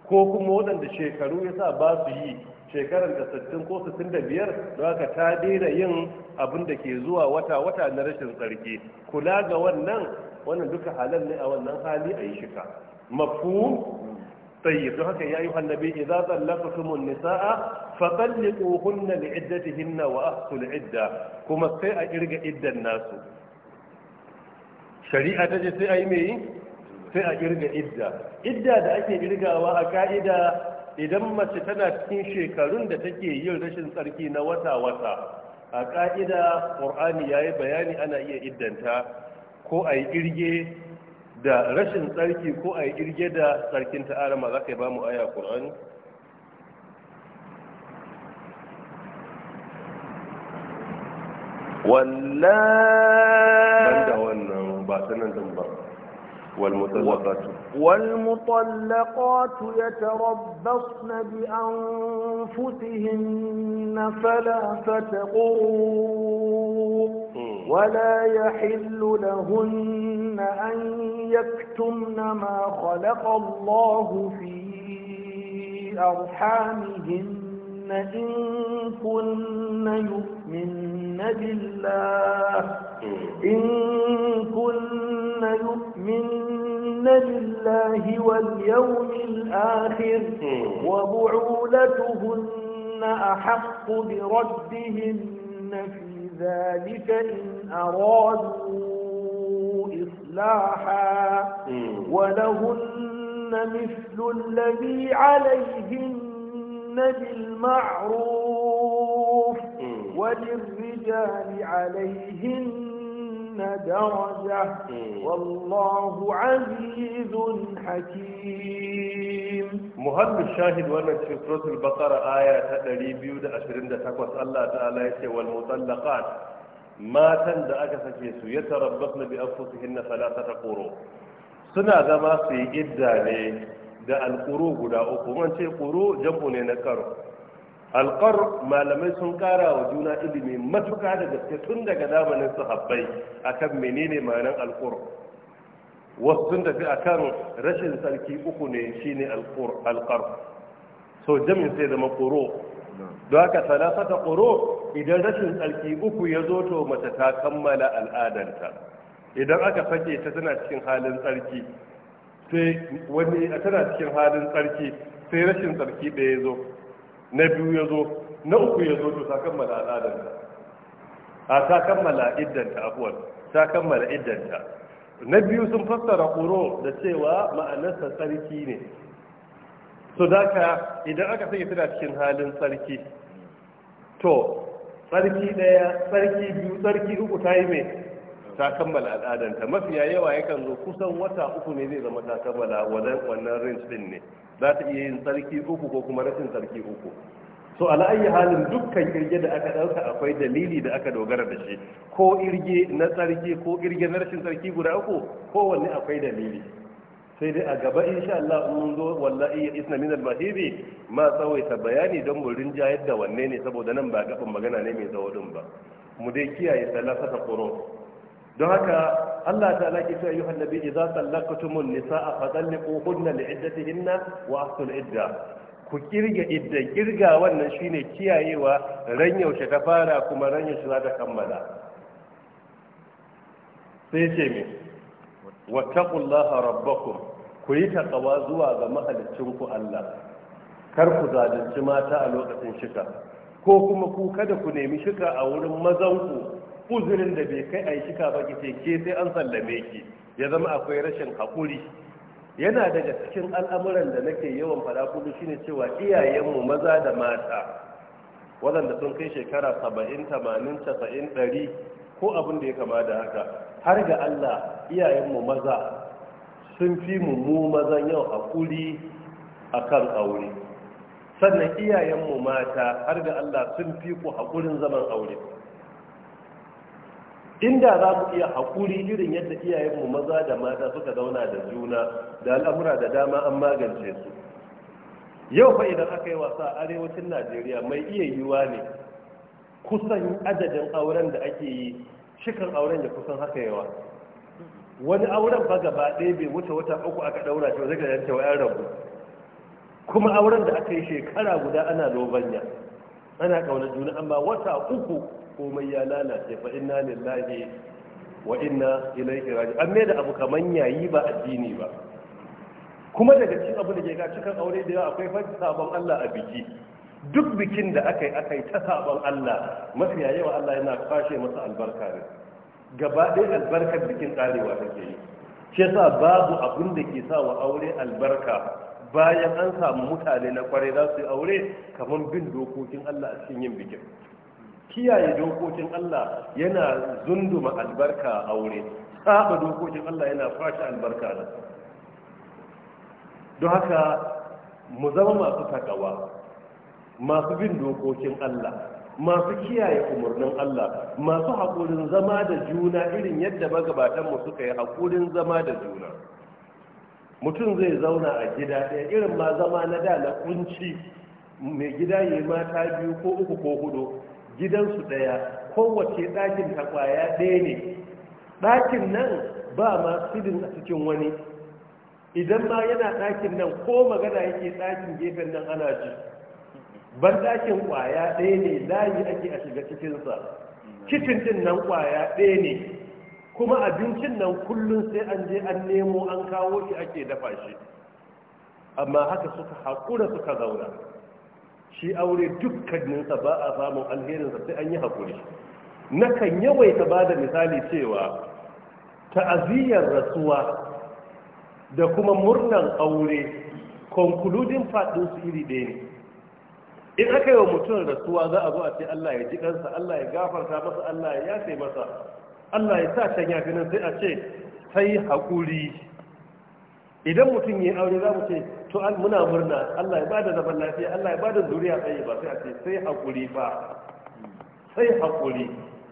ko kuma waɗanda shekaru ya sa ba su yi shekarar da 60 ko 65 da aka ta daina yin abin da ke zuwa wata-wata na rashin tsarki kula ga wannan wannan duka halal ne a wannan hali a yi shika mafu tayyib don haka ya yi annabi idza tallaqtumun nisaa fa talliquhunna li iddatihinna wa ahsul idda kuma sai a kirga iddan nasu shari'a ta ce sai a yi sai a kirga idda idda da ake irgawa a ka'ida idan mace tana cikin shekarun da take yin rashin tsarki na wata-wata a ka'ida ƙur'ani ya yi bayani ana iya iddanta ko a yi kirge da rashin tsarki ko a yi irge da tsarkin ta'arama za ka yi ba mu aya ƙulani? wallah da wannan ba sanan din ba والمطلقات يتربصن بأنفسهن فلا فتقوا ولا يحل لهن أن يكتمن ما خلق الله في أرحامهن إن كن يؤمن بالله إن كن يؤمن بالله واليوم الآخر وبعولتهن أحق بردهن في ذلك إن أرادوا إصلاحا ولهن مثل الذي عليهن بالمعروف وللرجال عليهن درجة والله عزيز حكيم مهم الشاهد وانا في سورة البقرة آية تدري بيود أشرين تقوس الله تعالى يتي والمطلقات ما تند أكسك يسو يتربطن بأنفسهن ثلاثة قروء suna zama su yi idda ne da alƙuru guda uku man ce ƙuru jam'u ne na karo alƙar malamai sun ƙara wa juna ilimi matuƙa da gaske tun daga zamanin sahabbai akan menene ma'anar alƙur wasu sun tafi akan rashin sarki uku ne shine alƙar so jamin sai zama ƙuro don haka salafata ƙuro idan rashin sarki uku ya zo to mace ta kammala al'adarta idan aka sake ta tana cikin halin tsarki sai wani tana cikin halin sarki sai rashin tsarki ɗaya zo na biyu ya zo na uku ya zo to ta kammala al'adanta a ta kammala iddanta abuwan ta kammala iddanta na biyu sun fassara ƙuro da cewa ma'anarsa tsarki ne so daga idan aka sanya tana cikin halin tsarki to tsarki ɗaya tsarki biyu tsarki uku ta yi mai ta kammala al'adanta mafiya yawa yakan zo kusan wata uku ne zai zama ta kammala wannan range din ne za ta iya yin tsarki uku ko kuma rashin tsarki uku so ala'ayi halin dukkan kirge da aka ɗauka akwai dalili da aka dogara da shi ko irge na tsarki ko irge na rashin tsarki guda uku kowanne akwai dalili sai dai a gaba insha Allah mun zo wallahi isna min al-mahibi ma tsawaita bayani don mu rinjayar da wanne ne saboda nan ba gaban magana ne mai tsawo din ba mu dai kiyaye salafata qurun don haka Allah ta laki ta yi nisa a sallaqtumun ko fa da li hinna wa asul idda ku kirga idda kirga wannan shine kiyayewa ran yaushe ta fara kuma ran yaushe za ta kammala sai ce me wattaqullaha rabbakum ku yi taqwa zuwa ga mahalicinku Allah kar ku zalunci mata a lokacin shika ko kuma ku kada ku nemi shika a wurin mazan ku. uzurin da bai kai a yi shika ba ke ke sai an sallame ki ya zama akwai rashin haƙuri yana daga cikin al'amuran da nake yawan fada kudu shine cewa iyayenmu maza da mata waɗanda sun kai shekara saba'in tamanin casa'in ɗari ko abin da ya kama da haka har ga allah iyayenmu maza sun fi mu mu mazan yau haƙuri a kan aure sannan iyayenmu mata har ga allah sun fi ku haƙurin zaman aure inda za mu iya haƙuri irin yadda iyayenmu maza da mata suka zauna da juna da al'amura da dama an magance su yau fa idan aka yi wasa a arewacin najeriya mai iya yiwuwa ne kusan adadin auren da ake yi cikin auren da kusan haka yawa wani auren ba gaba ɗaya bai wuce wata uku aka ɗaura shi zai ga yan rabu kuma auren da aka yi shekara guda ana lobanya ana kauna juna amma wata uku komai ya lalace fa inna lillahi wa inna ilaihi raji an mai da abu kaman yayi ba addini ba kuma daga cikin abu da ke ga cikin aure da yawa akwai fa sabon Allah a biki duk bikin da aka akai ta sabon Allah mafi yawa Allah yana kwashe masa albarka ne gaba ɗaya albarkar bikin tsarewa take yi shi yasa babu abin da ke sa wa aure albarka bayan an samu mutane na kwarai za su yi aure kamar bin dokokin Allah a cikin yin bikin kiyaye dokokin Allah yana zunduma albarka a aure saba dokokin Allah yana fashi albarka na don haka mu zama masu takawa masu bin dokokin Allah masu kiyaye umarnin Allah masu haƙurin zama da juna irin yadda magabatanmu suka yi haƙurin zama da juna mutum zai zauna a gida ɗaya irin ma zama na da na kunci mai gida ya mata biyu ko uku ko hudu gidansu ɗaya kowace ɗakin ta ƙwaya ɗaya ne ɗakin nan ba ma sidin a cikin wani idan ma yana ɗakin nan ko magana yake ɗakin gefen nan ana ji ban ɗakin ƙwaya ɗaya ne layi ake a shiga cikinsa kicin ɗin nan ƙwaya ɗaya ne kuma abincin nan kullum sai an je an nemo an kawo shi ake dafa shi amma haka suka haƙura suka zauna shi aure dukkaninsa ba a samun alherinsa sai an yi haƙuri nakan yawaita ba da misali cewa ta'aziyyar rasuwa da kuma murnan aure concluding part su iri ɗaya ne in aka yi wa mutum rasuwa za a zo a ce Allah ya ji kansa Allah ya gafarta masa Allah ya yafe masa Allah ya sa can yafi nan sai a ce sai haƙuri idan mutum ya aure za mu ce to muna murna Allah ya ba da zaman lafiya Allah ya ba da zuriya tsaye ba sai a ce sai haƙuri ba sai haƙuri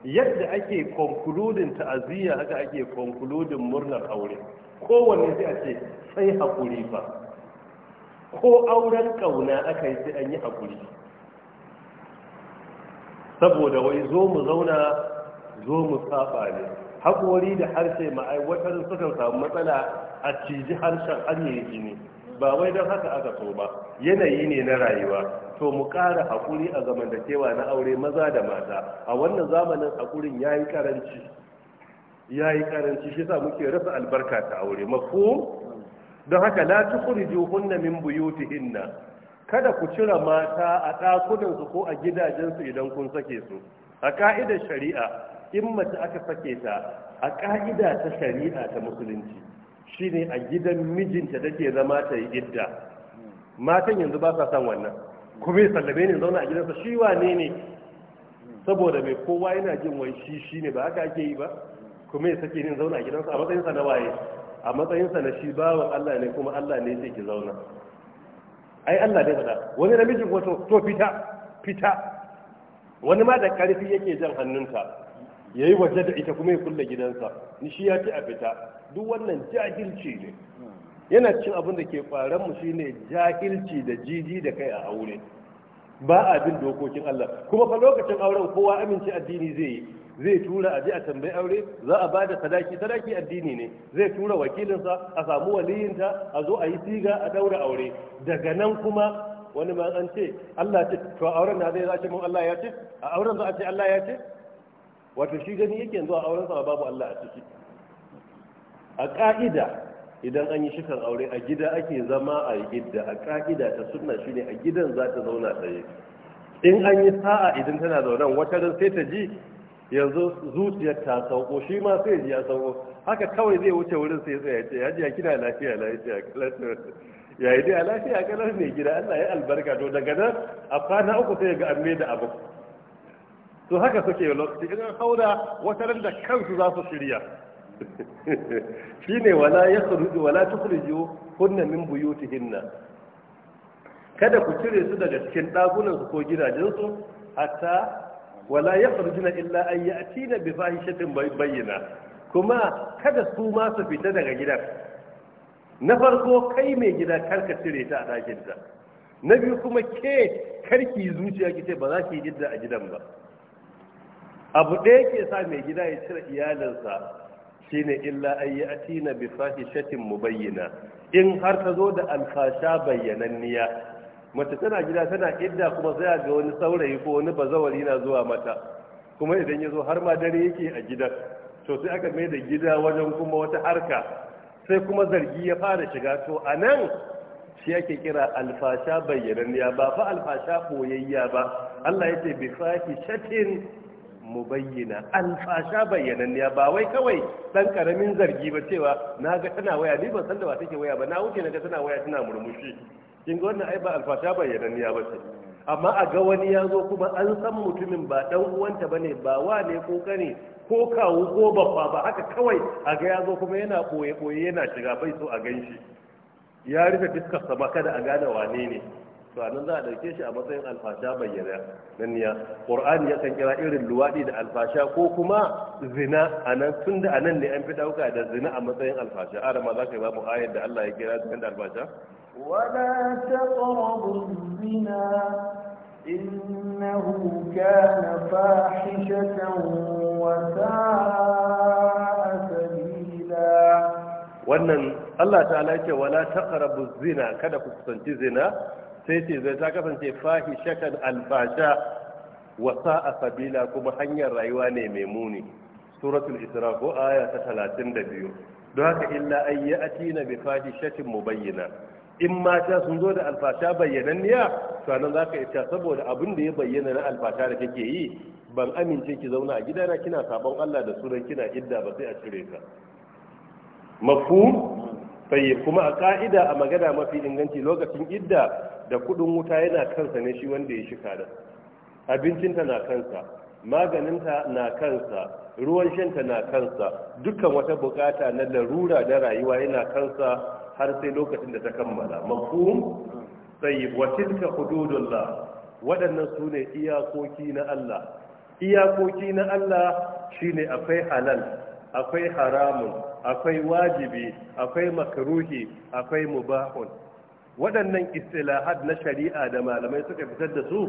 yadda ake konkuludin ta'aziyya haka ake concluding murnar aure kowanne sai a ce sai haƙuri ba ko auren ƙauna aka yi sai an yi haƙuri saboda wai zo mu zauna zo mu saba ne Hakori da harshe ma'aiwatar suka sukan samu matsala a ciji harshen har yayi jini ba wai don haka aka so ba yanayi ne na rayuwa to mu ƙara haƙuri a zamantakewa na aure maza da mata a wannan zamanin haƙurin ya yi ƙaranci ya shi sa muke rasa albarka ta aure mafu don haka la tukhriju hunna min buyutihinna kada ku cire mata a ɗakunansu ko a gidajensu idan kun sake su a ka'idar shari'a in mace aka sake ta a ka'ida ta shari'a ta musulunci shine a gidan mijinta take zama ta yi idda matan yanzu ba sa san wannan kuma ya sallame ne zauna a gidansa shi wane ne saboda mai kowa yana jin wai shi shine ba haka ake yi ba kuma ya sake ne zauna a gidansa a matsayinsa na waye a matsayinsa na shi bawa Allah ne kuma Allah ne yake zauna ai Allah dai fada wani namijin wato to fita fita wani ma da karfi yake jan hannunta yayi waje da ita kuma ya kulle gidansa ni shi ya ci a fita duk wannan jahilci ne yana cin abin da ke faran mu shine jahilci da jiji da kai a aure ba a bin dokokin Allah kuma fa lokacin auren kowa amince addini zai yi zai tura aje a tambayi aure za a bada sadaki sadaki addini ne zai tura wakilinsa a samu waliyinta a zo a yi siga a daura aure daga nan kuma wani ma an ce Allah ce to auren na zai zace mun Allah ya ce a auren za a ce Allah ya ce wato shi gani yake yanzu a auren sama babu Allah a ciki a ka'ida idan an yi shikan aure a gida ake zama a gida a ka'ida ta sunna shine a gidan za ta zauna tsaye in an yi sa'a idan tana zaune wata ran sai ta ji yanzu zuciyar ta sauko shi ma sai ji ya sauko haka kawai zai wuce wurin sai tsaya ce ya ji ya kina lafiya lafiya lafiya ya yi dai a lafiya kalar mai gida Allah ya albarka to daga nan a kwana uku sai ga amme da abu to haka suke yi lokaci in haura wata ran da kansu za su shirya [laughs] shine wala yakhruju wala tukhriju kunna min buyutihinna kada ku cire su daga cikin dagunan ko gidajen hatta wala yakhrujuna illa an ya'tina bi fahishatin bayyina kuma kada su ma fita daga gidan na farko kai mai gida karka cire ta a dakinta, na biyu kuma ke karki zuciya ki ce ba za ki yi gidda a gidan ba abu ɗaya ke sa mai gida ya cire iyalinsa shine illa an yi atina bi mu bayyana. in har ta zo da alfasha bayyananniya mace tana gida tana idda kuma sai ga wani saurayi ko wani bazawari na zuwa mata kuma idan ya zo har ma dare yake a gidan to sai aka mai da gida wajen kuma wata harka sai kuma zargi ya fara shiga to a nan shi ake kira alfasha bayyananniya ba fa alfasha koyayya ba Allah ya ce bi shatin. mubayyana alfasha bayyananniya ba wai kawai dan karamin zargi ba cewa na ga tana waya ni ban san da ba take waya ba na wuce na ga tana waya tana murmushi kin ga wannan ai ba alfasha bayyananniya ba ce amma a ga wani ya zo kuma an san mutumin ba dan uwanta bane ba wa ne ko kane ko kawu ko babba ba haka kawai a ga ya zo kuma yana koye koye yana shiga bai so a ganshi ya rufe fuskar sama kada a gane wane ne to za a dauke shi a matsayin alfasha bayyana nan ya qur'ani yakan kira irin luwadi da alfasha ko kuma zina anan tunda anan ne an fi dauka da zina a matsayin alfasha ara ma zaka ba mu ayar da Allah ya kira zina da alfasha wala taqrabu zina innahu kana fahishatan wa sa'a wannan Allah ta'ala ce wala taqrabu zina kada ku kusanci zina sai ce zai ta kasance shakan alfasha wasa a sabila kuma hanyar rayuwa ne mai muni suratul isra ko aya ta talatin da biyu don haka illa an yi fahi shakin mu bayyana in mata sun zo da alfasha bayyananniya to nan zaka ita saboda abin da ya bayyana na alfasha da kake yi ban amince ki zauna a gidana kina sabon Allah da sunan kina idda ba sai a cire ka Mafu. tayyib kuma a ka'ida a magana mafi inganci lokacin idda da kudin wuta yana kansa ne shi wanda ya shika da abincinta na kansa maganinta na kansa ruwan shanta na kansa dukkan wata bukata na larura da rayuwa yana kansa har sai lokacin da ta kammala mafhum sai wa tilka hududullah waɗannan su ne iyakoki na Allah iyakoki na Allah shine akwai halal akwai haramun akwai wajibi akwai makaruhi akwai mubahun waɗannan istilahat na shari'a da malamai suka fitar da su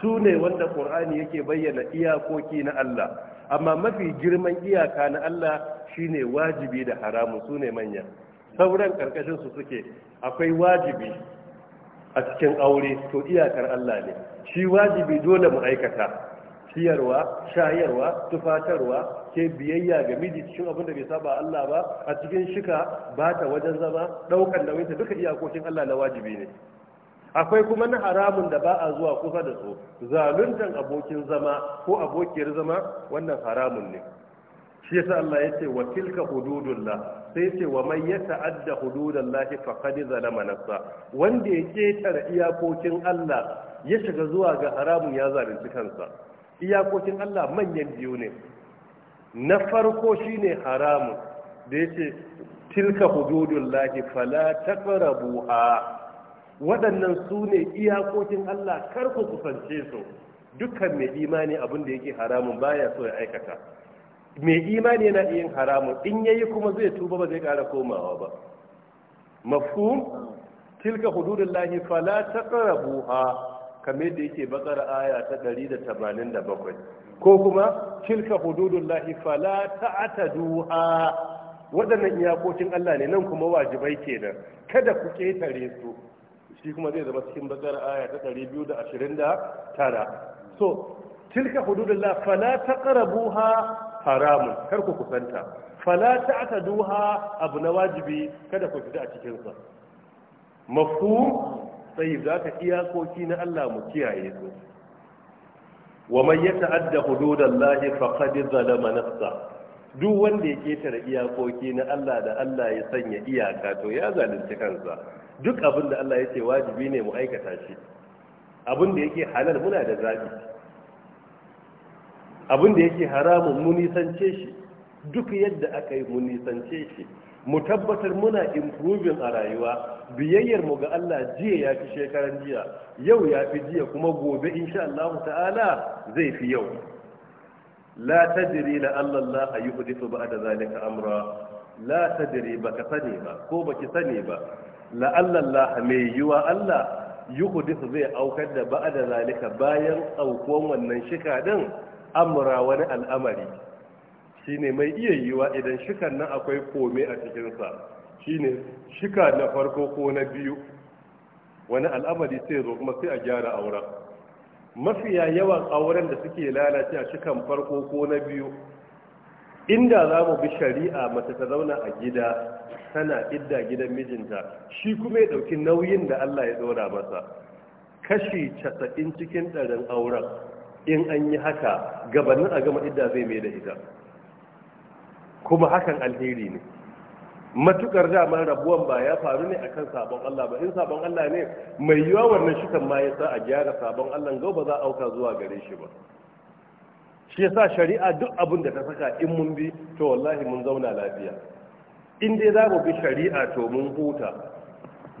su ne wanda ƙur'ani yake bayyana iyakoki na Allah amma mafi girman iyaka na Allah shine wajibi da haramu su ne manya sauran ƙarƙashinsu suke akwai wajibi a cikin aure to iyakar Allah ne shi wajibi dole mu aikata Siyarwa, shayarwa tufatarwa ke biyayya ga miji cikin abin da bai saba Allah ba a cikin shika ba ta wajen zama daukar ta duka iyakokin Allah na wajibi ne akwai kuma na haramun da ba a zuwa kusa da su zaluntan abokin zama ko abokiyar zama wannan haramun ne shi yasa Allah yace wa tilka hududullah sai yace wa man yata'adda hududallahi faqad zalama nafsa wanda ya ketare iyakokin Allah ya shiga zuwa ga haramun ya zalunci kansa iyakokin Allah manyan biyu ne na farko shine haramun da yace tilka hududullahi fala buha. waɗannan su ne iyakokin Allah kar ku kusance su dukkan mai imani abin da yake haramun baya so ya aikata mai imani yana iya yin haramun in yayi kuma zai tuba ba zai ƙara komawa ba mafhum tilka hududullahi fala buha. kame da yake bakar aya ta 187 ko kuma tilka hududullahi fala ta'taduha waɗannan iyakokin Allah ne nan kuma wajibai kenan kada ku ketare su shi kuma zai zama cikin bakar aya ta 229 so tilka hududullahi fala taqrabuha haramun kar ku kusanta fala ta'taduha abu na wajibi kada ku fita a cikin sa mafhum tsayi za ka iyakoki na Allah mu kiyaye su wa man yata'adda hududallahi faqad zalama nafsa duk wanda ya tare iyakoki na Allah da Allah ya sanya iyaka to ya zalunci kansa duk abin da Allah ya wajibi ne mu aikata shi abin da yake halal muna da zabi abin da yake haramun mu nisance shi duk yadda aka yi mu nisance shi mu tabbatar muna improving a rayuwa biyayyar mu ga Allah jiya ya fi shekaran jiya yau ya fi jiya kuma gobe insha Allah ta'ala zai fi yau la tadri la Allah Allah yuhdithu ba'da zalika amra la ba baka sani ba ko baki sani ba la Allah Allah mai yuwa Allah yuhdithu zai aukar da ba'da zalika bayan aukon wannan shika din amra wani al'amari shine mai iya yiwa idan shikan nan akwai kome a cikinsa shine shika na farko ko na biyu wani al'amari sai zo kuma sai a gyara auren mafiya yawan auren da suke lalace a shikan farko ko na biyu inda za mu bi shari'a mace ta zauna a gida tana idda gidan mijinta shi kuma ya ɗauki nauyin da Allah ya ɗora masa kashi casa'in cikin ɗarin auren in an yi haka gabanin a gama idda zai mai da ita kuma hakan alheri ne matukar daman rabuwan ba ya faru ne akan sabon Allah ba in sabon Allah ne mai yiwa wannan shukan ma ya sa a gyara sabon Allah ga ba za a auka zuwa gare shi ba shi yasa shari'a duk abin da ta saka in mun bi to wallahi mun zauna lafiya in dai za mu bi shari'a to mun huta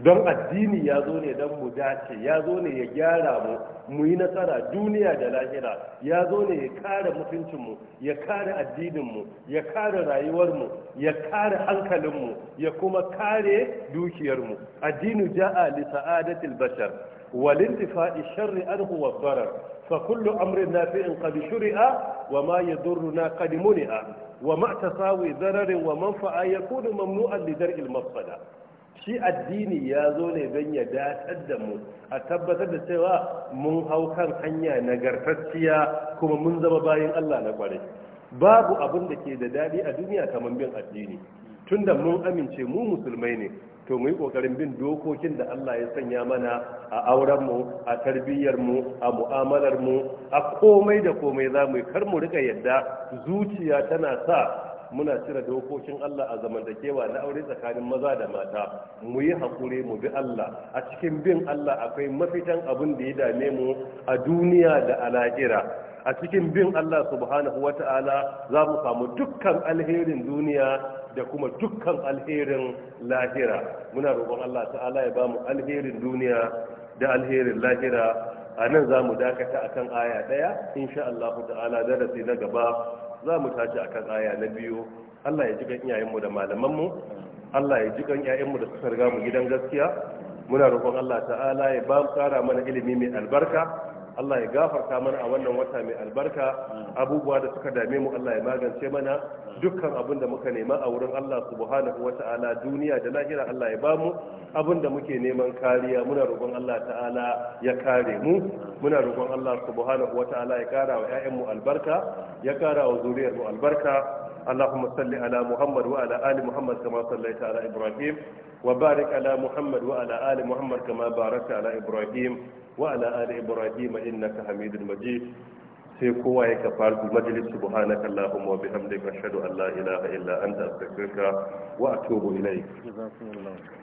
don addini ya zo ne don mu dace ya zo ne ya gyara mu mu yi nasara duniya da lahira ya zo ne ya kare mutuncinmu ya kare addininmu ya kare rayuwarmu ya kare hankalinmu ya kuma kare dukiyarmu addinu ja'a li sa'adatil bashar wal intifa'i sharri anhu wa darar fa kullu amrin nafi'in qad shuri'a wa ma yadurruna qad muni'a wa ma tasawi dararin wa manfa'a yakunu mamnu'an li dar'il mafsada shi addini ya zo ne don ya datar da mu a tabbatar da cewa mun hau kan hanya nagartacciya kuma mun zama bayan Allah na kwarai babu abin da ke da daɗi a duniya kamar bin addini tunda mun amince mu musulmai ne to mu yi kokarin bin dokokin da Allah ya sanya mana a auren mu a tarbiyyar mu a mu'amalar mu a komai da komai za mu yi kar mu rika yadda zuciya tana sa muna cire dokokin Allah a zamantakewa na aure tsakanin maza da mata mu yi hakuri mu bi Allah a cikin bin Allah akwai mafitan abin da ya dame mu a duniya da a lahira a cikin bin Allah subhanahu ta'ala za mu samu dukkan alherin duniya da kuma dukkan alherin lahira muna roƙon Allah ta'ala ya bamu alherin duniya da alherin lahira a nan za mu dakata akan aya ɗaya insha Allah ta'ala darasi na gaba za mu tashi akan aya na biyu Allah ya jikan iyayenmu da malamanmu Allah ya jikan iyayenmu da suka riga mu gidan gaskiya muna roƙon Allah ta'ala ya ba mu ƙara mana ilimi mai albarka Allah ya gafarta mana a wannan wata mai albarka abubuwa da suka dame mu Allah ya magance mana dukkan abin da muka nema a wurin Allah subhanahu ta'ala duniya da lahira Allah ya bamu abin da muke neman kariya muna roƙon Allah ta'ala ya kare mu muna roƙon Allah subhanahu ta'ala ya kara wa 'ya'yanmu albarka ya kara wa zuriyar mu albarka اللهم صل على محمد وعلى آل محمد كما صليت على إبراهيم وبارك على محمد وعلى آل محمد كما باركت على إبراهيم وعلى آل إبراهيم إنك حميد مجيد sai kowa ya kafar majalis subhanaka allahumma wa bihamdika ashhadu an la ilaha illa anta astaghfiruka wa atubu ilayk